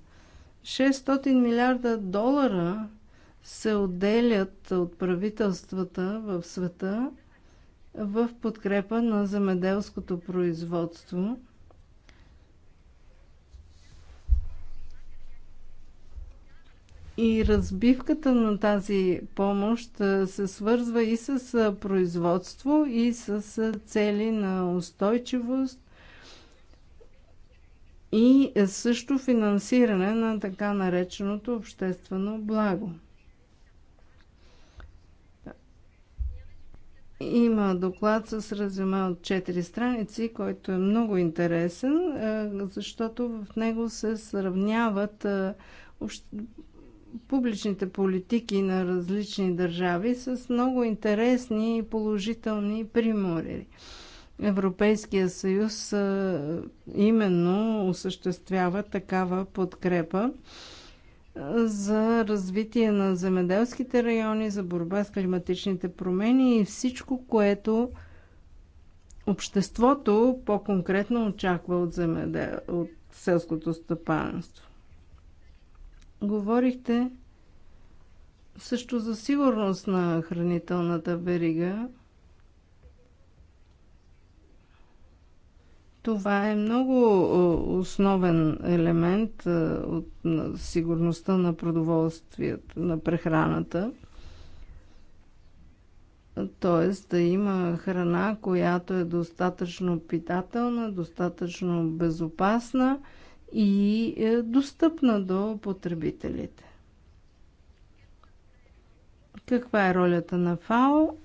600 милиарда долара – се отделят от правителствата в света в подкрепа на земеделското производство. И разбивката на тази помощ се свързва и с производство, и с цели на устойчивост, и също финансиране на така нареченото обществено благо. Има доклад с резюме от 4 страници, който е много интересен, е, защото в него се сравняват е, публичните политики на различни държави с много интересни и положителни примори. Европейския съюз е, именно осъществява такава подкрепа за развитие на земеделските райони, за борба с климатичните промени и всичко, което обществото по-конкретно очаква от, земедел... от селското стъпанство. Говорихте също за сигурност на хранителната верига. Това е много основен елемент е, от сигурността на продоволствието, на прехраната. Тоест да има храна, която е достатъчно питателна, достатъчно безопасна и е достъпна до потребителите. Каква е ролята на ФАО?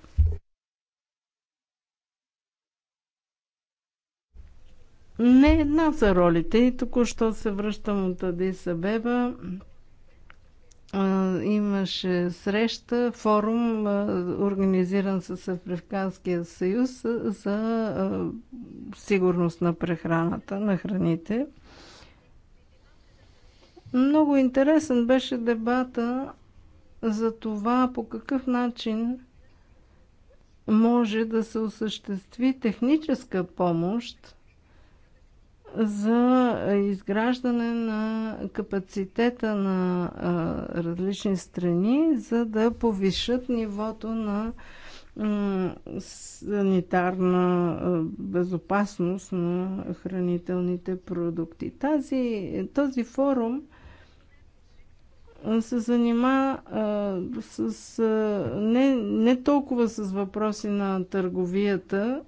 Не една са ролите и току-що се връщам от Адис Абеба. Имаше среща, форум, организиран с Африканския съюз за сигурност на прехраната, на храните. Много интересен беше дебата за това по какъв начин може да се осъществи техническа помощ за изграждане на капацитета на различни страни, за да повишат нивото на санитарна безопасност на хранителните продукти. Тази, този форум се занима с не, не толкова с въпроси на търговията,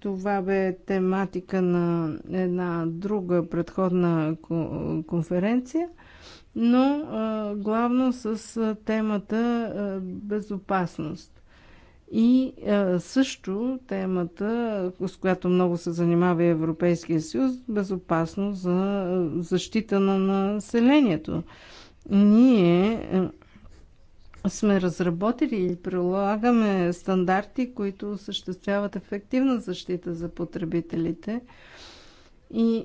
това бе тематика на една друга предходна конференция, но главно с темата безопасност. И също темата, с която много се занимава Европейския съюз, безопасност за защита на населението. Ние сме разработили и прилагаме стандарти, които осъществяват ефективна защита за потребителите. И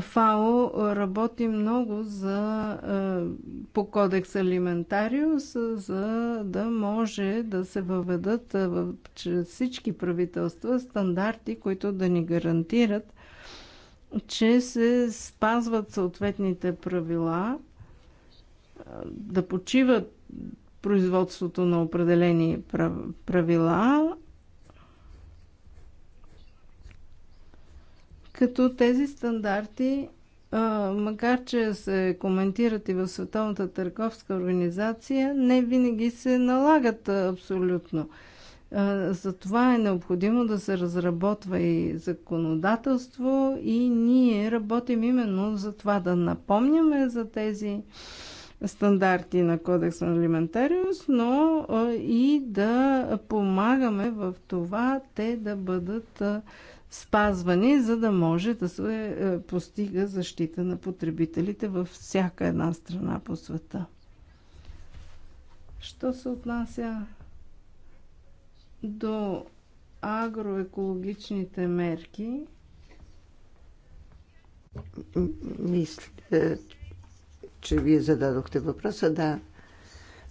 ФАО работи много за, е, по кодекс Алиментариус, за да може да се въведат е, в, чрез всички правителства стандарти, които да ни гарантират, че се спазват съответните правила, е, да почиват производството на определени правила, като тези стандарти, макар че се коментират и в Световната търговска организация, не винаги се налагат абсолютно. Затова е необходимо да се разработва и законодателство и ние работим именно за това да напомняме за тези стандарти на Кодекс на Алиментариус, но и да помагаме в това те да бъдат спазвани, за да може да се постига защита на потребителите във всяка една страна по света. Що се отнася до агроекологичните мерки, мисля, че вие зададохте въпроса. Да,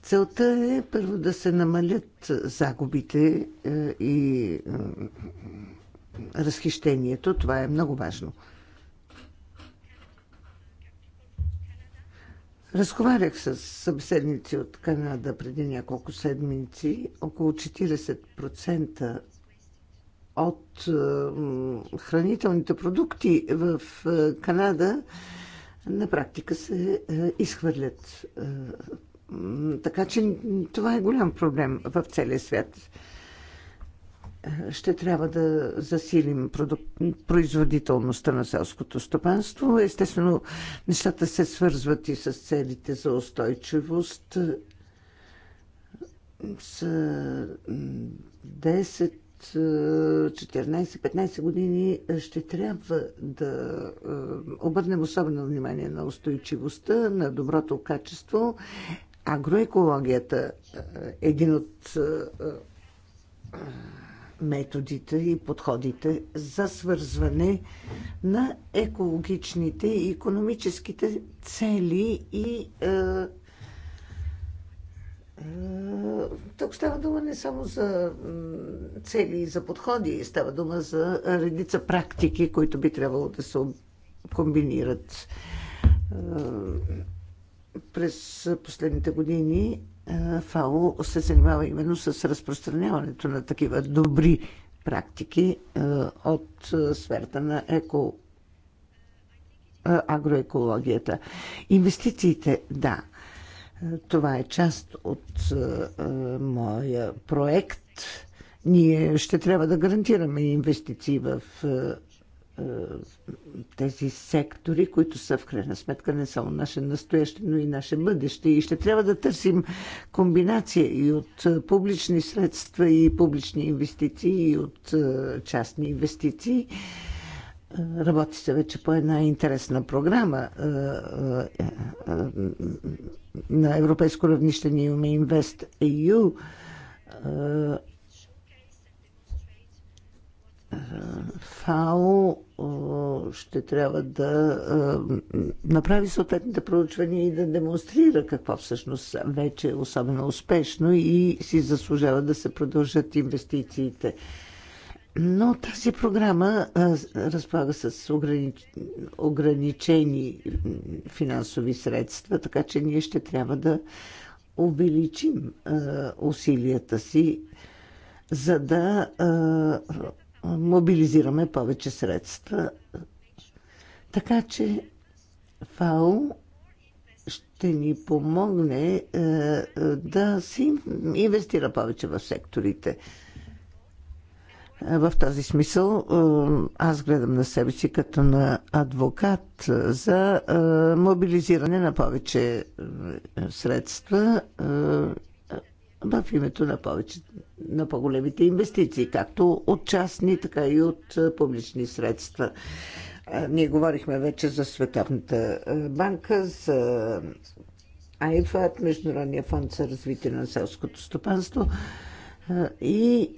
целта е първо да се намалят загубите е, и разхищението. Това е много важно. Разговарях с събеседници от Канада преди няколко седмици. Около 40% от хранителните продукти в е, Канада на практика се е, изхвърлят. Е, така че това е голям проблем в целия свят. Е, ще трябва да засилим производителността на селското стопанство. Естествено, нещата се свързват и с целите за устойчивост. С 10 14-15 години ще трябва да е, обърнем особено внимание на устойчивостта, на доброто качество. Агроекологията е един от е, е, методите и подходите за свързване на екологичните и економическите цели и е, тук става дума не само за цели и за подходи, става дума за редица практики, които би трябвало да се комбинират. Е, през последните години е, ФАО се занимава именно с разпространяването на такива добри практики от сферата на еко агроекологията. Инвестициите, да, това е част от е, е, моя проект. Ние ще трябва да гарантираме инвестиции в е, тези сектори, които са в крайна сметка не само наше настояще, но и наше бъдеще. И ще трябва да търсим комбинация и от публични средства, и публични инвестиции, и от частни инвестиции. Работи се вече по една интересна програма на европейско равнище. Ние имаме Invest EU. ФАО ще трябва да направи съответните проучвания и да демонстрира какво всъщност вече е особено успешно и си заслужава да се продължат инвестициите. Но тази програма а, разполага с огранич... ограничени финансови средства, така че ние ще трябва да увеличим а, усилията си, за да а, мобилизираме повече средства. Така че ФАО ще ни помогне а, да си инвестира повече в секторите. В този смисъл аз гледам на себе си като на адвокат за мобилизиране на повече средства в името на повече, на по-големите инвестиции, както от частни, така и от е, публични средства. Е, ние говорихме вече за Световната е, банка, за АИФАД, Международния фонд за развитие на селското стопанство и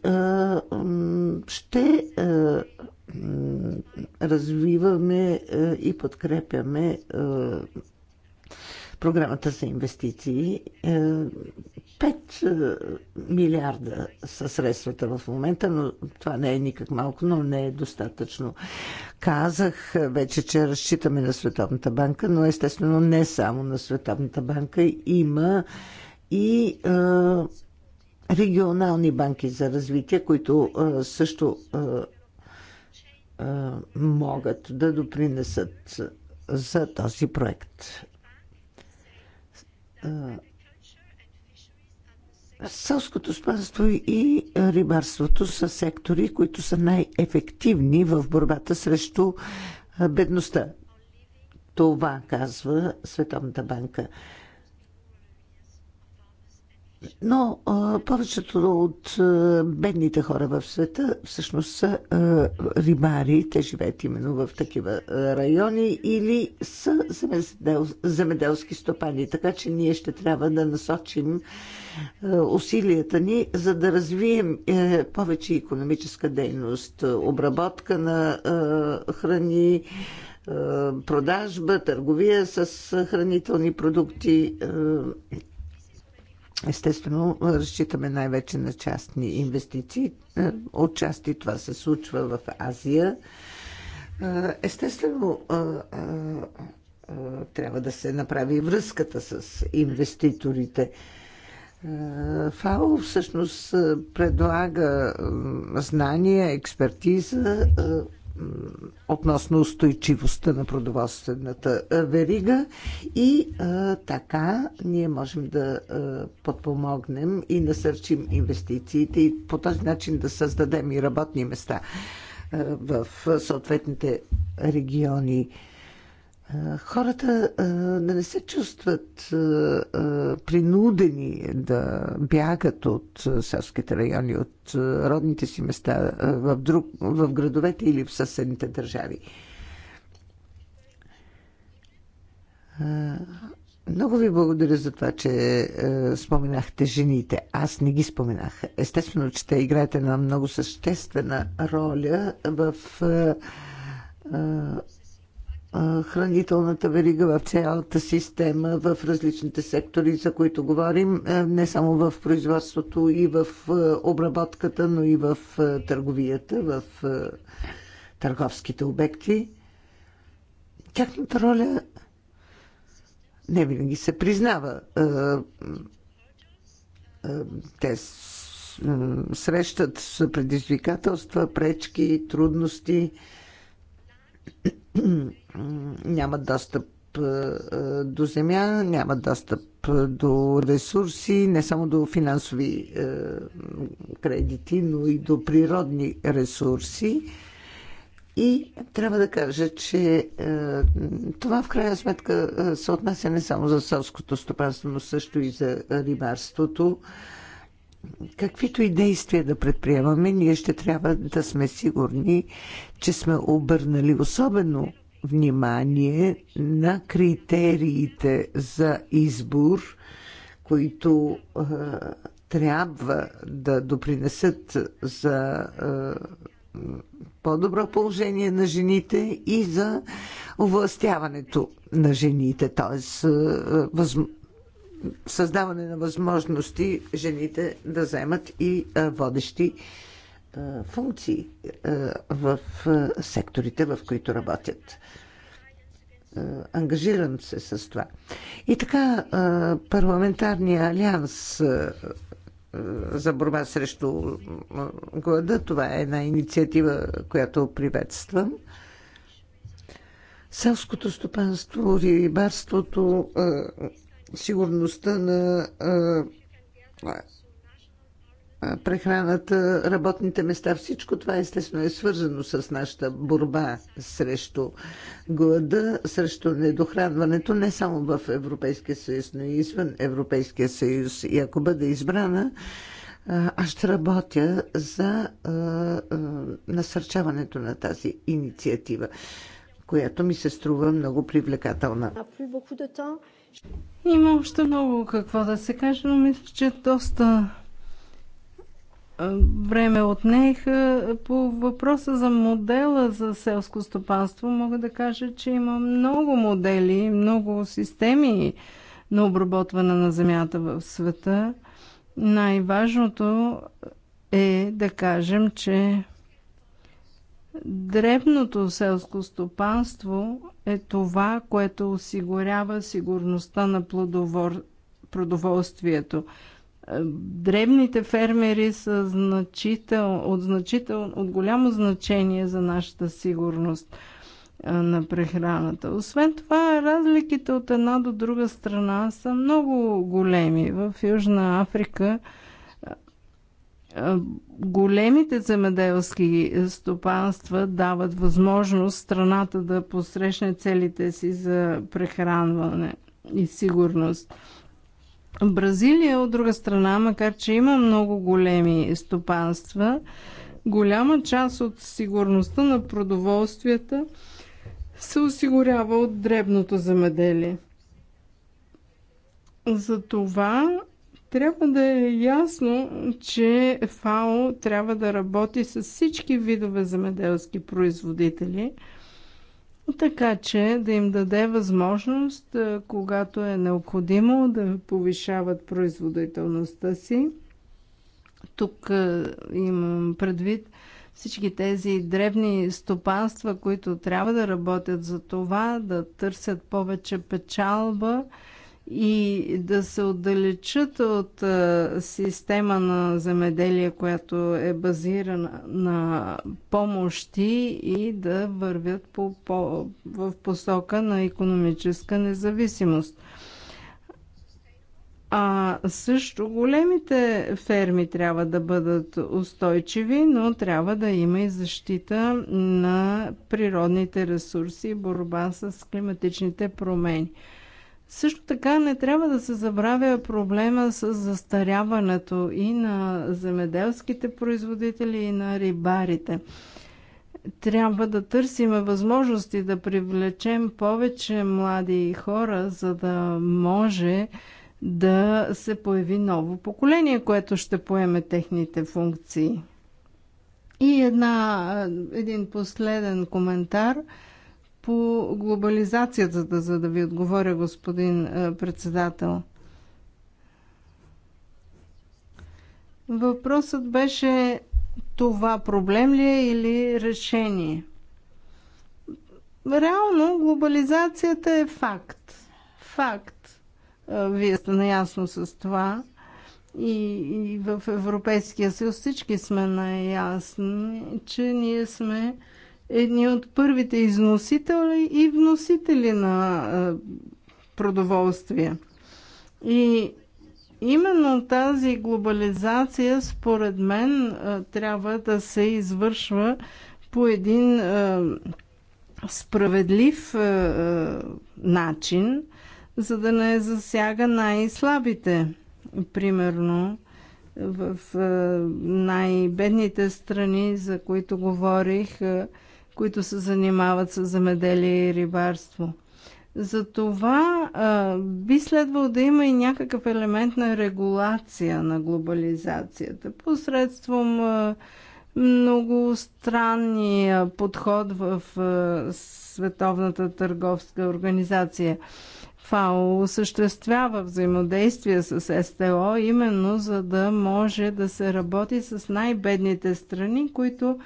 ще развиваме и подкрепяме програмата за инвестиции. 5 милиарда са средствата в момента, но това не е никак малко, но не е достатъчно. Казах вече, че разчитаме на Световната банка, но естествено не само на Световната банка. Има и а, регионални банки за развитие, които също могат да допринесат за този проект. Селското стопанство и рибарството са сектори, които са най-ефективни в борбата срещу бедността. Това казва Световната банка. Но а, повечето от а, бедните хора в света всъщност са а, рибари. Те живеят именно в такива райони или са земедел, земеделски стопани. Така че ние ще трябва да насочим а, усилията ни, за да развием а, е, повече економическа дейност, обработка на а, храни, продажба, търговия с хранителни продукти Естествено, разчитаме най-вече на частни инвестиции. Е, Отчасти това се случва в Азия. Е, естествено, е, трябва да се направи връзката с инвеститорите. ФАО всъщност предлага знания, експертиза относно устойчивостта на продоволствената верига и а, така ние можем да а, подпомогнем и насърчим инвестициите и по този начин да създадем и работни места а, в съответните региони. А, хората да не се чувстват принудени да бягат от селските райони, от родните си места в, друг, в градовете или в съседните държави. Много ви благодаря за това, че споменахте жените. Аз не ги споменах. Естествено, че те играят една много съществена роля в хранителната верига в цялата система, в различните сектори, за които говорим, не само в производството и в обработката, но и в търговията, в търговските обекти. Тяхната роля не винаги се признава. Те срещат предизвикателства, пречки, трудности. (clears throat) нямат достъп до земя, нямат достъп до ресурси, не само до финансови кредити, но и до природни ресурси. И трябва да кажа, че е, това в крайна сметка се отнася не само за селското стопанство, но също и за рибарството. Е, каквито и действия да предприемаме, ние ще трябва да сме сигурни, че сме обърнали особено внимание на критериите за избор, които е, трябва да допринесат за е, по-добро положение на жените и за овластяването на жените, т.е. Възм създаване на възможности жените да вземат и водещи функции в секторите, в които работят. Ангажирам се с това. И така, парламентарния алианс за борба срещу глада, това е една инициатива, която приветствам. Селското стопанство, рибарството сигурността на прехраната, работните места, всичко това естествено е свързано с нашата борба срещу глада, срещу недохранването, не само в Европейския съюз, но и извън Европейския съюз. И ако бъде избрана, аз ще работя за насърчаването на тази инициатива, която ми се струва много привлекателна. Има още много какво да се каже, но мисля, че доста време отнех. По въпроса за модела за селско стопанство мога да кажа, че има много модели, много системи на обработване на земята в света. Най-важното е да кажем, че Дребното селско стопанство е това, което осигурява сигурността на плодовор... продоволствието. Е, дребните фермери са значител, от, значител, от голямо значение за нашата сигурност е, на прехраната. Освен това, разликите от една до друга страна са много големи. В Южна Африка е, големите земеделски стопанства дават възможност страната да посрещне целите си за прехранване и сигурност. Бразилия, от друга страна, макар че има много големи стопанства, голяма част от сигурността на продоволствията се осигурява от дребното земеделие. Затова трябва да е ясно, че ФАО трябва да работи с всички видове земеделски производители, така че да им даде възможност, когато е необходимо, да повишават производителността си. Тук имам предвид всички тези древни стопанства, които трябва да работят за това, да търсят повече печалба – и да се отдалечат от система на земеделие, която е базирана на помощи и да вървят по, по, в посока на економическа независимост. А също големите ферми трябва да бъдат устойчиви, но трябва да има и защита на природните ресурси и борба с климатичните промени. Също така не трябва да се забравя проблема с застаряването и на земеделските производители, и на рибарите. Трябва да търсиме възможности да привлечем повече млади хора, за да може да се появи ново поколение, което ще поеме техните функции. И една, един последен коментар – по глобализацията, да, за да ви отговоря, господин е, председател. Въпросът беше това проблем ли е или решение? Реално глобализацията е факт. Факт. Е, вие сте наясно с това. И, и в Европейския съюз всички сме наясни, че ние сме едни от първите износители и вносители на продоволствия. И именно тази глобализация, според мен, трябва да се извършва по един справедлив начин, за да не засяга най-слабите. Примерно, в най-бедните страни, за които говорих, които се занимават с замеделие и рибарство. За това а, би следвало да има и някакъв елемент на регулация на глобализацията посредством а, странния подход в а, Световната търговска организация. ФАО осъществява взаимодействие с СТО, именно за да може да се работи с най-бедните страни, които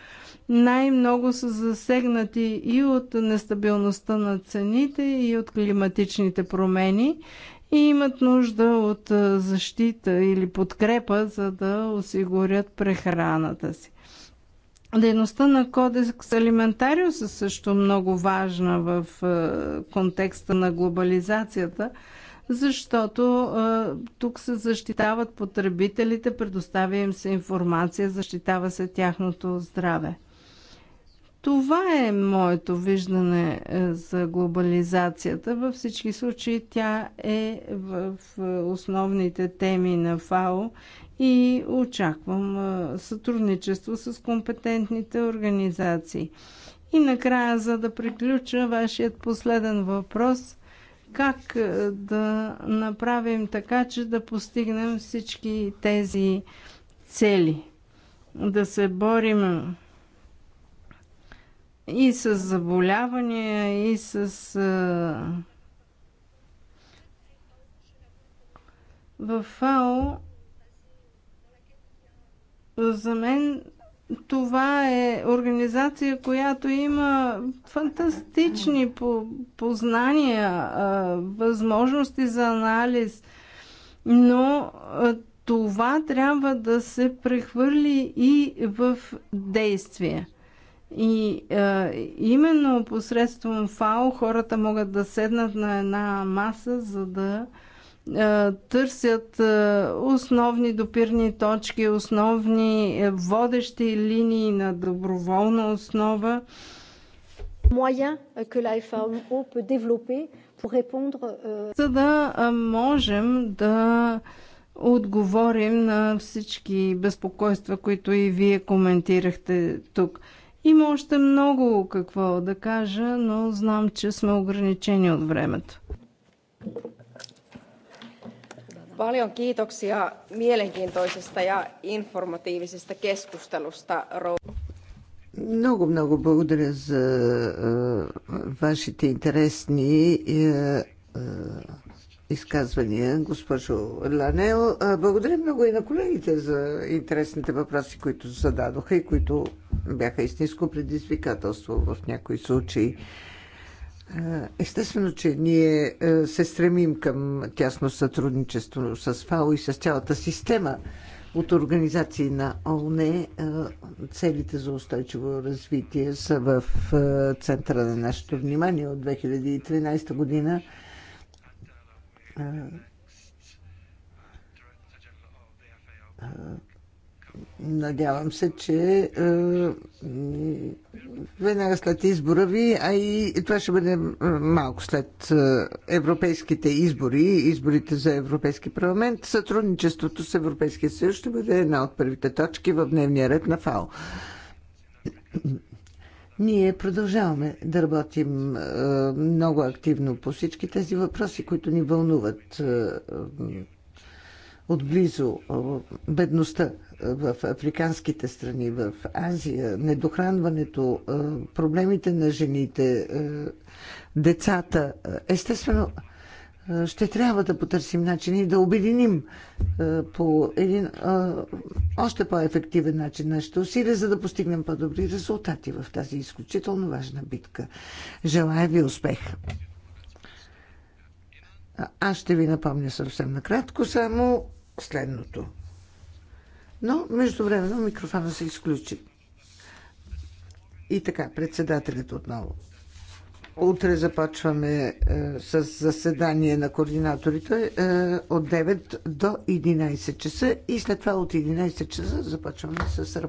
най-много са засегнати и от нестабилността на цените, и от климатичните промени и имат нужда от защита или подкрепа, за да осигурят прехраната си. Дейността на Кодекс Алиментариус е също много важна в е, контекста на глобализацията, защото е, тук се защитават потребителите, предоставя им се информация, защитава се тяхното здраве. Това е моето виждане е, за глобализацията. Във всички случаи тя е в основните теми на ФАО и очаквам сътрудничество с компетентните организации. И накрая, за да приключа вашият последен въпрос, как да направим така, че да постигнем всички тези цели? Да се борим и с заболявания, и с. В ФАО за мен това е организация, която има фантастични познания, възможности за анализ, но това трябва да се прехвърли и в действие. И е, именно посредством ФАО хората могат да седнат на една маса, за да е, търсят е, основни допирни точки, основни е, водещи линии на доброволна основа. Моя que la За да можем да отговорим на всички безпокойства, които и вие коментирахте тук. Има още много какво да кажа, но знам, че сме ограничени от времето. Paljon kiitoksia mielenkiintoisesta ja informatiivisesta keskustelusta, Много, много благодаря за вашите интересни е, е, изказвания, госпожо Ланел. Благодаря много и на колегите за интересните въпроси, които зададоха и които бяха истинско предизвикателство в някои случаи. Естествено, че ние е, се стремим към тясно сътрудничество с ФАО и с цялата система от организации на ООН. Е, целите за устойчиво развитие са в е, центъра на нашето внимание от 2013 година. Надявам се, че е, веднага след избора ви, а и това ще бъде е, малко след е, европейските избори, изборите за Европейски парламент, сътрудничеството с Европейския съюз ще бъде една от първите точки в дневния ред на ФАО. Ние продължаваме да работим е, много активно по всички тези въпроси, които ни вълнуват отблизо бедността в африканските страни, в Азия, недохранването, проблемите на жените, децата. Естествено, ще трябва да потърсим начини да обединим по един още по-ефективен начин нашите усилия, за да постигнем по-добри резултати в тази изключително важна битка. Желая ви успех! Аз ще ви напомня съвсем накратко само следното. Но междувременно микрофона се изключи. И така, председателят отново. Утре започваме е, с заседание на координаторите е, от 9 до 11 часа и след това от 11 часа започваме с работа.